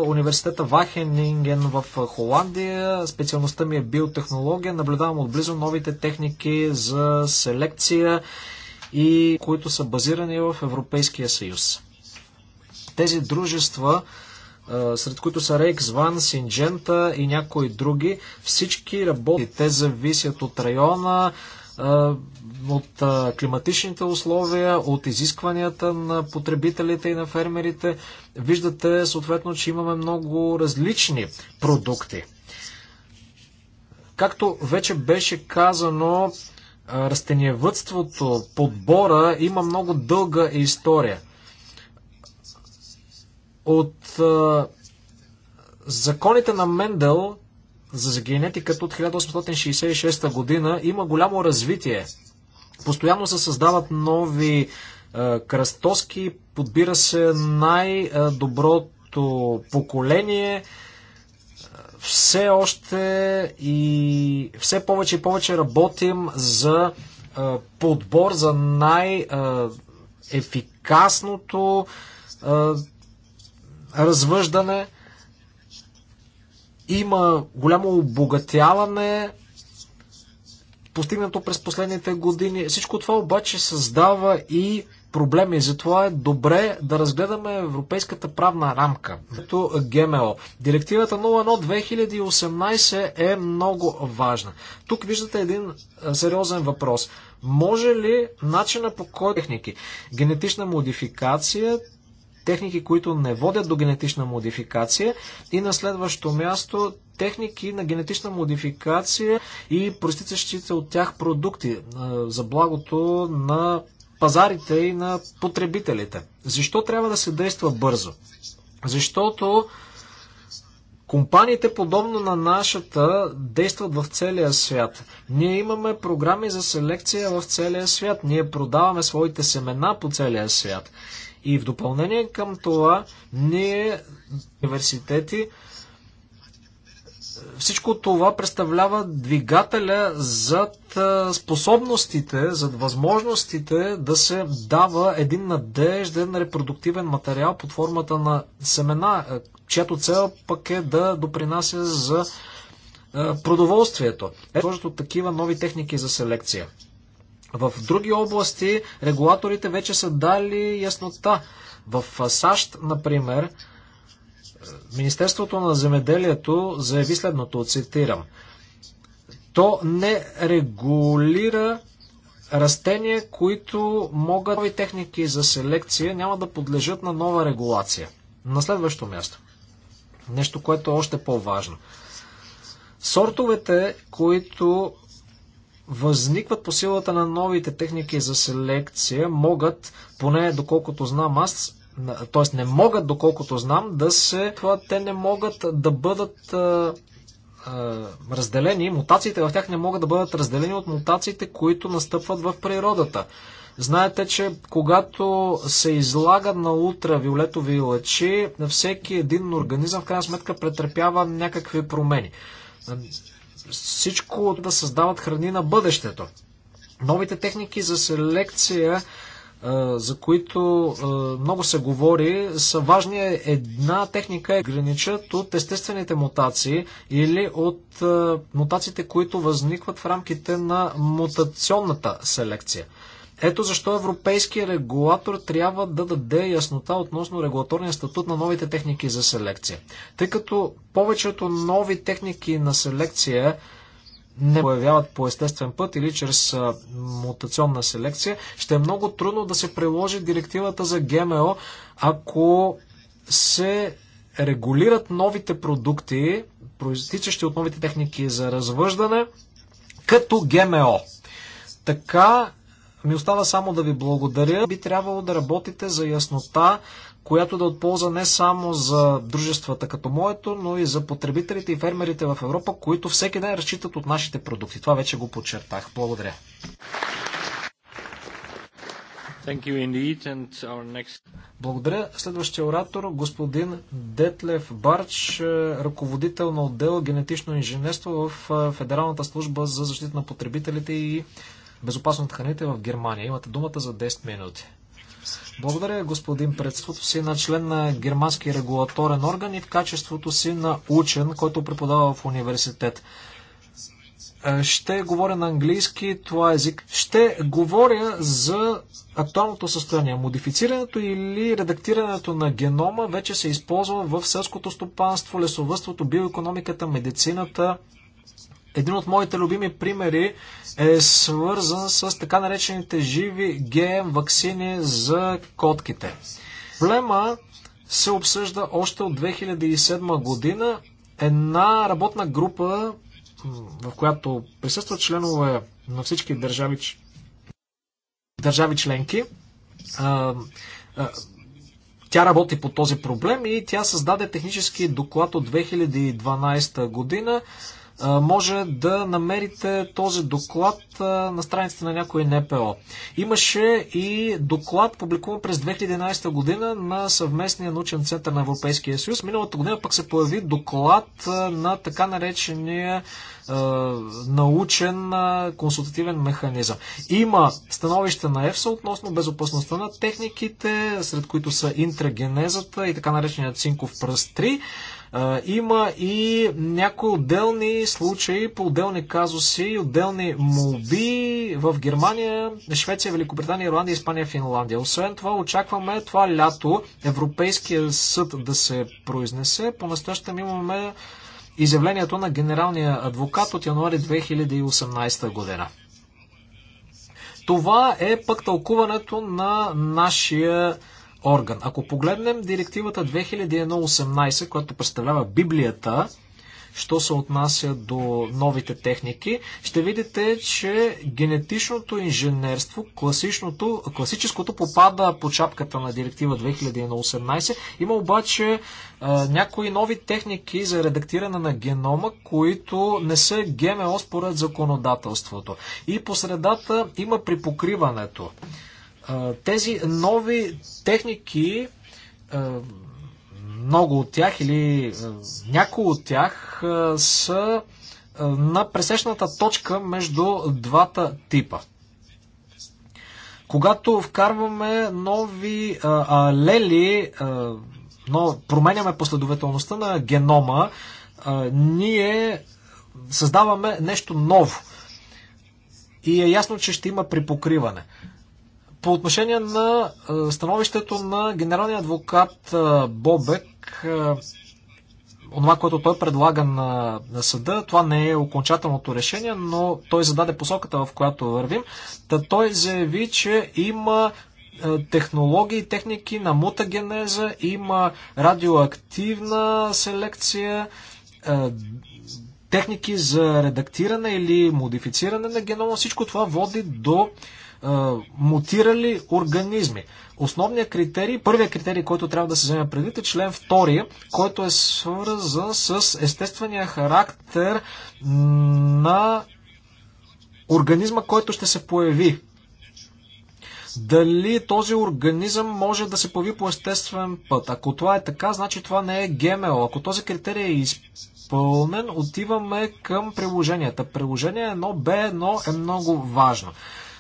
Университета Вахенинген в Холандия, специалността ми е биотехнология, наблюдавам отблизо новите техники за селекция и които са базирани в Европейския съюз. Тези дружества сред които са Зван, Синджента и някои други. Всички работи. Те зависят от района, от климатичните условия, от изискванията на потребителите и на фермерите. Виждате съответно, че имаме много различни продукти. Както вече беше казано, растениевътството, подбора има много дълга история. От законите на Мендел за генетиката от 1866 година има голямо развитие. Постоянно се създават нови е, кръстоски, подбира се най-доброто поколение. Е, все още и все повече и повече работим за е, подбор за най-ефикасното развъждане. Има голямо обогатяване, постигнато през последните години. Всичко това обаче създава и проблеми. Затова е добре да разгледаме европейската правна рамка, като ГМО. Директивата 01-2018 е много важна. Тук виждате един сериозен въпрос. Може ли начина по кой техники, генетична модификация, техники, които не водят до генетична модификация и на следващо място техники на генетична модификация и простицащите от тях продукти за благото на пазарите и на потребителите. Защо трябва да се действа бързо? Защото Компаниите, подобно на нашата, действат в целия свят. Ние имаме програми за селекция в целия свят. Ние продаваме своите семена по целия свят. И в допълнение към това, ние, университети, всичко това представлява двигателя зад способностите, зад възможностите да се дава един надежден репродуктивен материал под формата на семена, чиято цел пък е да допринася за продоволствието. Ето от такива нови техники за селекция. В други области регулаторите вече са дали яснота. В САЩ, например, е, Министерството на земеделието заяви следното, цитирам. То не регулира растения, които могат нови техники за селекция, няма да подлежат на нова регулация. На следващо място. Нещо, което е още по-важно. Сортовете, които възникват по силата на новите техники за селекция, могат, поне доколкото знам аз, т.е. не могат, доколкото знам, да се... Това, те не могат да бъдат разделени, мутациите в тях не могат да бъдат разделени от мутациите, които настъпват в природата. Знаете, че когато се излага на ултравиолетови лъчи, всеки един организъм в крайна сметка претърпява някакви промени всичко да създават храни на бъдещето. Новите техники за селекция, за които много се говори, са важни. Една техника е граничат от естествените мутации или от мутациите, които възникват в рамките на мутационната селекция. Ето защо европейския регулатор трябва да даде яснота относно регулаторния статут на новите техники за селекция. Тъй като повечето нови техники на селекция не появяват по естествен път или чрез мутационна селекция, ще е много трудно да се приложи директивата за ГМО, ако се регулират новите продукти, проистичащи от новите техники за развъждане, като ГМО. Така ми остава само да ви благодаря. Би трябвало да работите за яснота, която да отполза не само за дружествата като моето, но и за потребителите и фермерите в Европа, които всеки ден разчитат от нашите продукти. Това вече го подчертах. Благодаря. Next... Благодаря. Следващия оратор, господин Детлев Барч, е, ръководител на отдел генетично инженерство в е, Федералната служба за защита на потребителите и безопасност храните в Германия. Имате думата за 10 минути. Благодаря, господин предството си на член на германски регулаторен орган и в качеството си на учен, който преподава в университет. Е, ще говоря на английски, това е език. Ще говоря за актуалното състояние. Модифицирането или редактирането на генома вече се използва в селското стопанство, лесовътството, биоекономиката, медицината, един от моите любими примери е свързан с така наречените живи ГМ вакцини за котките. Проблема се обсъжда още от 2007 година. Една работна група, в която присъстват членове на всички държави, държави членки, тя работи по този проблем и тя създаде технически доклад от 2012 година може да намерите този доклад на страницата на някои НПО. Имаше и доклад, публикуван през 2011 година на съвместния научен център на Европейския съюз. Миналата година пък се появи доклад на така наречения научен консултативен механизъм. Има становище на ЕФСА относно безопасността на техниките, сред които са интрагенезата и така наречения цинков пръст 3. Има и някои отделни случаи по отделни казуси, отделни молби в Германия, Швеция, Великобритания, Ирландия, Испания, Финландия. Освен това, очакваме това лято Европейския съд да се произнесе. По-настоящем имаме изявлението на генералния адвокат от януари 2018 година. Това е пък тълкуването на нашия орган. Ако погледнем директивата 2001-18, която представлява Библията, що се отнася до новите техники, ще видите, че генетичното инженерство, класичното, класическото попада по чапката на директива 2018. Има обаче е, някои нови техники за редактиране на генома, които не са ГМО според законодателството. И посредата има припокриването. Тези нови техники, много от тях или някои от тях са на пресечната точка между двата типа. Когато вкарваме нови алели, но променяме последователността на генома, ние създаваме нещо ново. И е ясно, че ще има припокриване. По отношение на становището на генералния адвокат Бобек, онова, което той предлага на, на съда, това не е окончателното решение, но той зададе посоката, в която вървим. Та той заяви, че има технологии, техники на мутагенеза, има радиоактивна селекция, техники за редактиране или модифициране на генома. Всичко това води до мутирали организми. Основният критерий, първият критерий, който трябва да се вземе предвид е член 2, който е свързан с естествения характер на организма, който ще се появи. Дали този организъм може да се появи по естествен път? Ако това е така, значи това не е ГМО. Ако този критерий е изпълнен, отиваме към приложенията. Приложение 1B1 е много важно.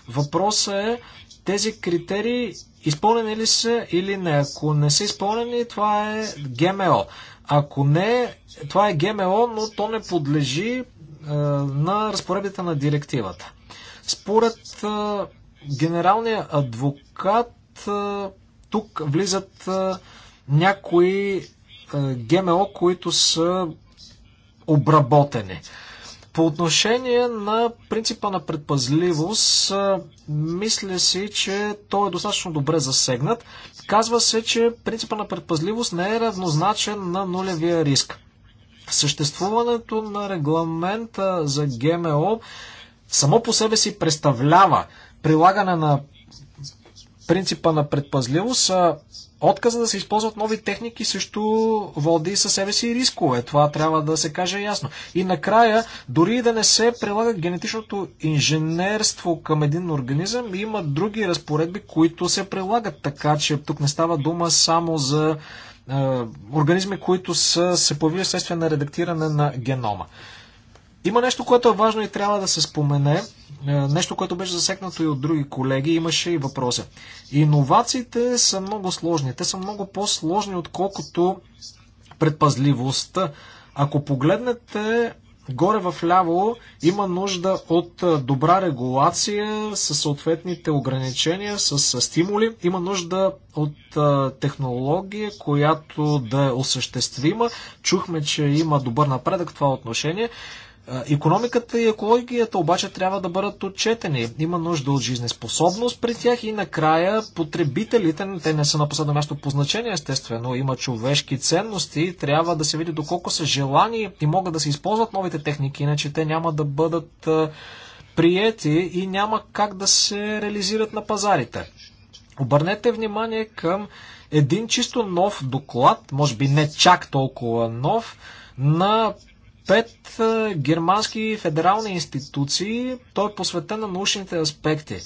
Въпросът е тези критерии изпълнени ли са или не. Ако не са изпълнени, това е ГМО. Ако не, това е ГМО, но то не подлежи е, на разпоредбите на директивата. Според е, генералния адвокат, е, тук влизат е, някои е, ГМО, които са обработени. По отношение на принципа на предпазливост, мисля си, че той е достатъчно добре засегнат. Казва се, че принципа на предпазливост не е равнозначен на нулевия риск. Съществуването на регламента за ГМО само по себе си представлява прилагане на принципа на предпазливост, отказа да се използват нови техники също води със себе си рискове. Това трябва да се каже ясно. И накрая, дори и да не се прилага генетичното инженерство към един организъм, има други разпоредби, които се прилагат. Така че тук не става дума само за е, организми, които са се появили следствие на редактиране на генома. Има нещо, което е важно и трябва да се спомене. Е, нещо, което беше засекнато и от други колеги. Имаше и въпроса. Иновациите са много сложни. Те са много по-сложни, отколкото предпазливостта. Ако погледнете горе в ляво, има нужда от е, добра регулация с съответните ограничения, с стимули. Има нужда от е, технология, която да е осъществима. Чухме, че има добър напредък в това отношение. Економиката и екологията обаче трябва да бъдат отчетени. Има нужда от жизнеспособност при тях и накрая потребителите, те не са на последно място по значение, естествено, има човешки ценности, трябва да се види доколко са желани и могат да се използват новите техники, иначе те няма да бъдат приети и няма как да се реализират на пазарите. Обърнете внимание към един чисто нов доклад, може би не чак толкова нов, на пет е, германски федерални институции. Той е посветен на научните аспекти.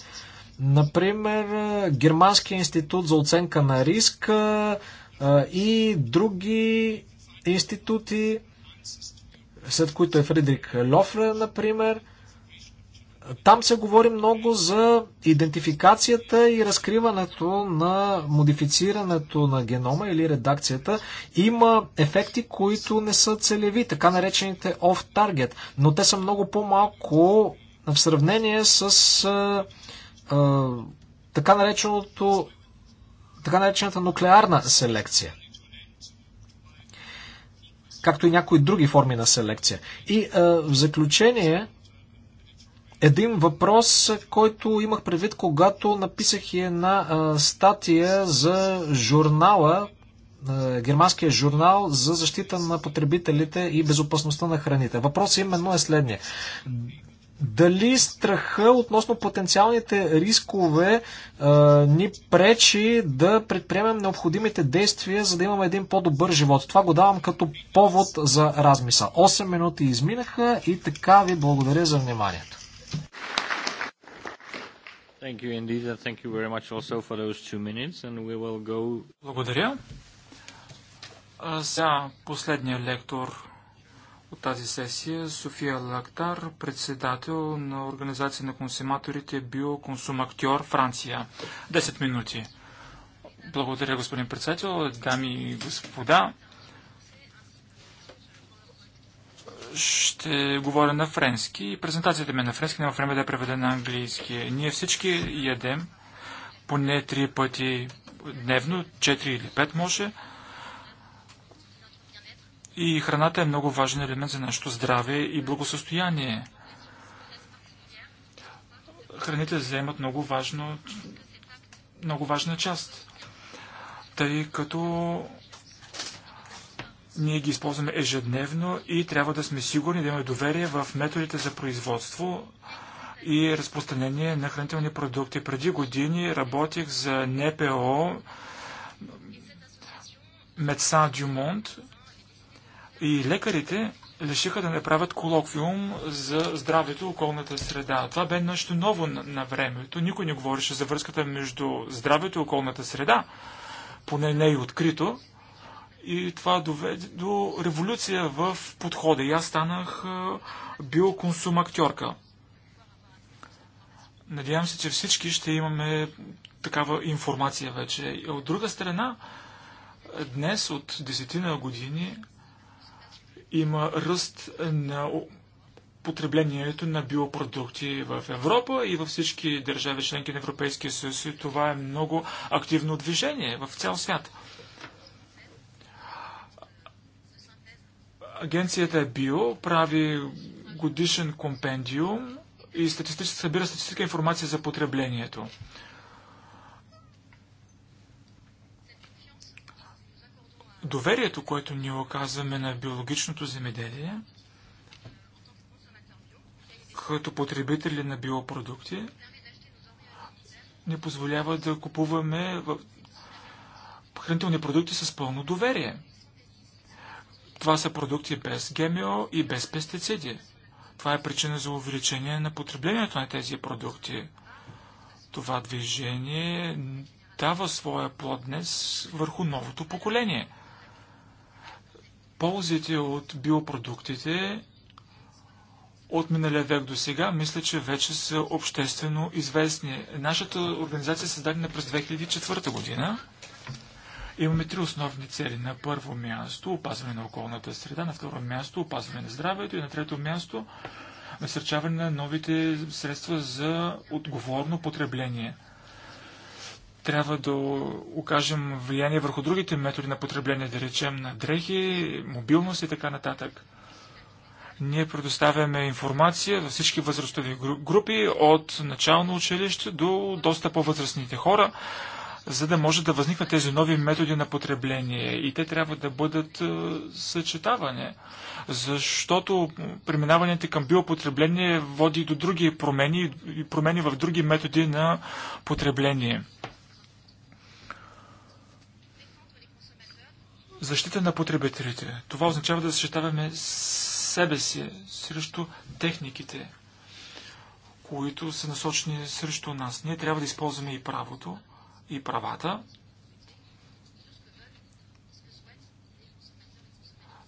Например, е, Германския институт за оценка на риск е, и други институти, след които е Фридрик Лофре, например – там се говори много за идентификацията и разкриването на модифицирането на генома или редакцията. Има ефекти, които не са целеви, така наречените off-target, но те са много по-малко в сравнение с а, а, така нареченото така наречената нуклеарна селекция както и някои други форми на селекция. И а, в заключение, един въпрос, който имах предвид, когато написах и една а, статия за журнала, а, германския журнал за защита на потребителите и безопасността на храните. Въпросът именно е следния. Дали страха относно потенциалните рискове а, ни пречи да предприемем необходимите действия, за да имаме един по-добър живот? Това го давам като повод за размисъл. 8 минути изминаха и така ви благодаря за вниманието. Thank you indeed, and thank you very much also for those two minutes, and we will go... Благодаря. За последния лектор от тази сесия София Лактар, председател на Организация на консуматорите Биоконсумактьор Франция. 10 минути. Благодаря, господин председател, дами и господа. ще говоря на френски и презентацията ми е на френски няма време да я е преведа на английски. Ние всички ядем поне три пъти дневно, 4 или пет може. И храната е много важен елемент за нашето здраве и благосостояние. Храните вземат много, важно, много важна част, тъй като ние ги използваме ежедневно и трябва да сме сигурни да имаме доверие в методите за производство и разпространение на хранителни продукти. Преди години работих за НПО Медсан Дюмонт и лекарите решиха да направят колоквиум за здравето и околната среда. Това бе нещо ново на времето. Никой не говореше за връзката между здравето и околната среда, поне не и открито. И това доведе до революция в подхода. И аз станах актьорка. Надявам се, че всички ще имаме такава информация вече. От друга страна, днес от десетина години има ръст на потреблението на биопродукти в Европа и във всички държави членки на Европейския съюз. И това е много активно движение в цял свят. Агенцията е БИО, прави годишен компендиум и статистически събира статистическа информация за потреблението. Доверието, което ни оказваме на биологичното земеделие, като потребители на биопродукти, ни позволява да купуваме хранителни продукти с пълно доверие. Това са продукти без ГМО и без пестициди. Това е причина за увеличение на потреблението на тези продукти. Това движение дава своя плод днес върху новото поколение. Ползите от биопродуктите от миналия век до сега, мисля, че вече са обществено известни. Нашата организация е създадена през 2004 година. Имаме три основни цели. На първо място опазване на околната среда, на второ място опазване на здравето и на трето място насърчаване на новите средства за отговорно потребление. Трябва да окажем влияние върху другите методи на потребление, да речем на дрехи, мобилност и така нататък. Ние предоставяме информация във всички възрастови групи, от начално училище до доста по-възрастните хора за да може да възникнат тези нови методи на потребление. И те трябва да бъдат е, съчетавани, защото преминаването към биопотребление води до други промени и промени в други методи на потребление. Защита на потребителите. Това означава да защитаваме себе си срещу техниките, които са насочени срещу нас. Ние трябва да използваме и правото, и правата,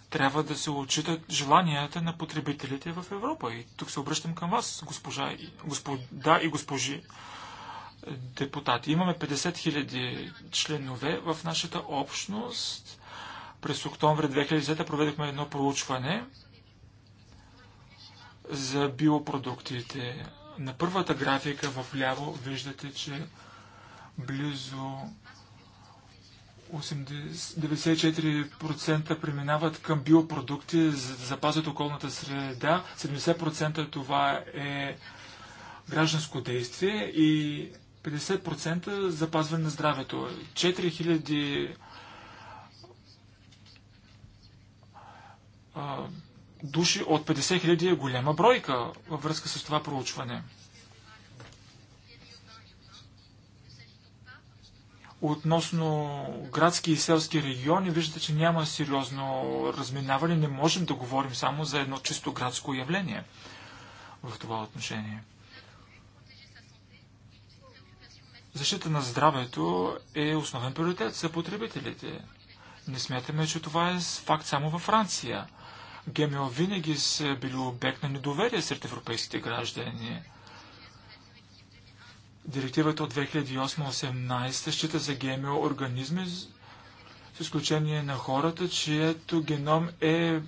трябва да се отчитат желанията на потребителите в Европа. И тук се обръщам към вас, госпожа, господа и госпожи депутати. Имаме 50 000 членове в нашата общност. През октомври 2010 проведохме едно проучване за биопродуктите. На първата графика в ляво виждате, че Близо 94% преминават към биопродукти, за да запазят околната среда. 70% това е гражданско действие и 50% запазване на здравето. 4000 души от 50 000 е голяма бройка във връзка с това проучване. относно градски и селски региони, виждате, че няма сериозно разминаване. Не можем да говорим само за едно чисто градско явление в това отношение. Защита на здравето е основен приоритет за потребителите. Не смятаме, че това е факт само във Франция. ГМО винаги са били обект на недоверие сред европейските граждани. Директивата от 2008-18 счита за ГМО организми, с изключение на хората, чието геном е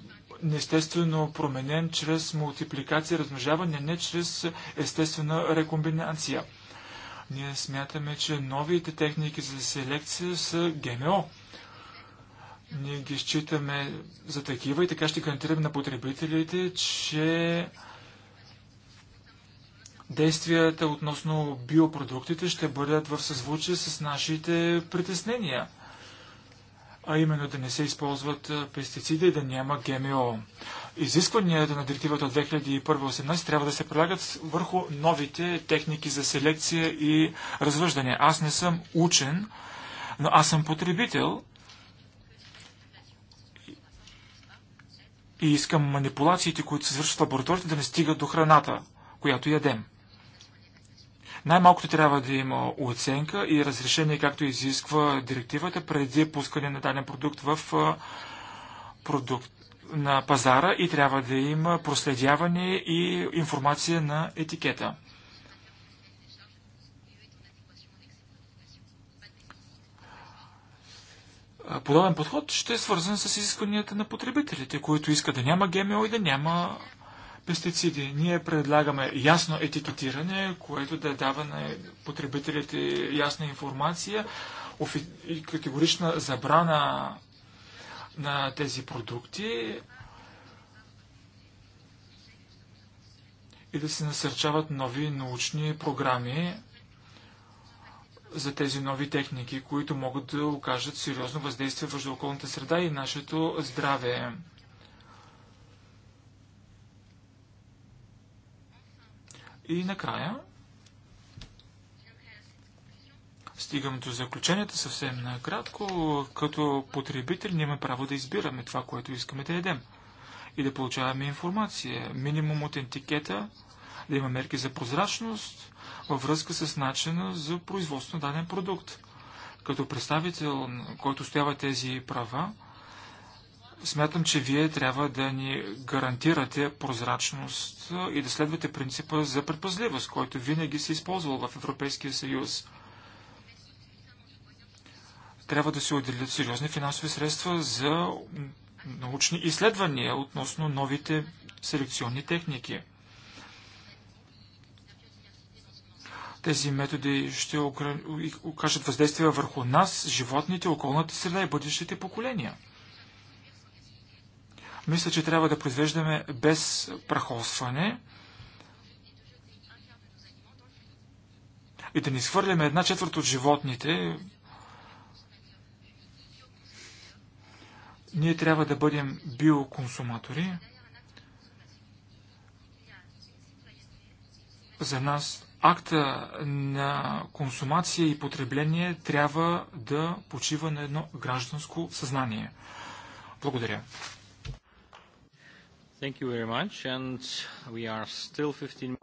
неестествено променен чрез мултипликация и размножаване, не чрез естествена рекомбинация. Ние смятаме, че новите техники за селекция са ГМО. Ние ги считаме за такива и така ще гарантираме на потребителите, че действията относно биопродуктите ще бъдат в съзвучие с нашите притеснения, а именно да не се използват пестициди и да няма ГМО. Изискванията на директивата от 2001-18 трябва да се прилагат върху новите техники за селекция и развъждане. Аз не съм учен, но аз съм потребител и искам манипулациите, които се извършват в лабораторията, да не стигат до храната, която ядем. Най-малкото трябва да има оценка и разрешение, както изисква директивата, преди пускане на даден продукт в продукт на пазара и трябва да има проследяване и информация на етикета. Подобен подход ще е свързан с изискванията на потребителите, които искат да няма ГМО и да няма пестициди. Ние предлагаме ясно етикетиране, което да дава на потребителите ясна информация и категорична забрана на тези продукти и да се насърчават нови научни програми за тези нови техники, които могат да окажат сериозно въздействие върху околната среда и нашето здраве. И накрая стигам до заключенията съвсем накратко. Като потребители имаме право да избираме това, което искаме да едем и да получаваме информация. Минимум от етикета, да има мерки за прозрачност във връзка с начина за производство на даден продукт. Като представител, който стоява тези права, Смятам, че вие трябва да ни гарантирате прозрачност и да следвате принципа за предпазливост, който винаги се използвал в Европейския съюз. Трябва да се отделят сериозни финансови средства за научни изследвания относно новите селекционни техники. Тези методи ще окажат въздействие върху нас, животните, околната среда и бъдещите поколения. Мисля, че трябва да произвеждаме без прахосване и да ни схвърляме една четвърта от животните. Ние трябва да бъдем биоконсуматори. За нас акта на консумация и потребление трябва да почива на едно гражданско съзнание. Благодаря. Thank you very much. And we are still 15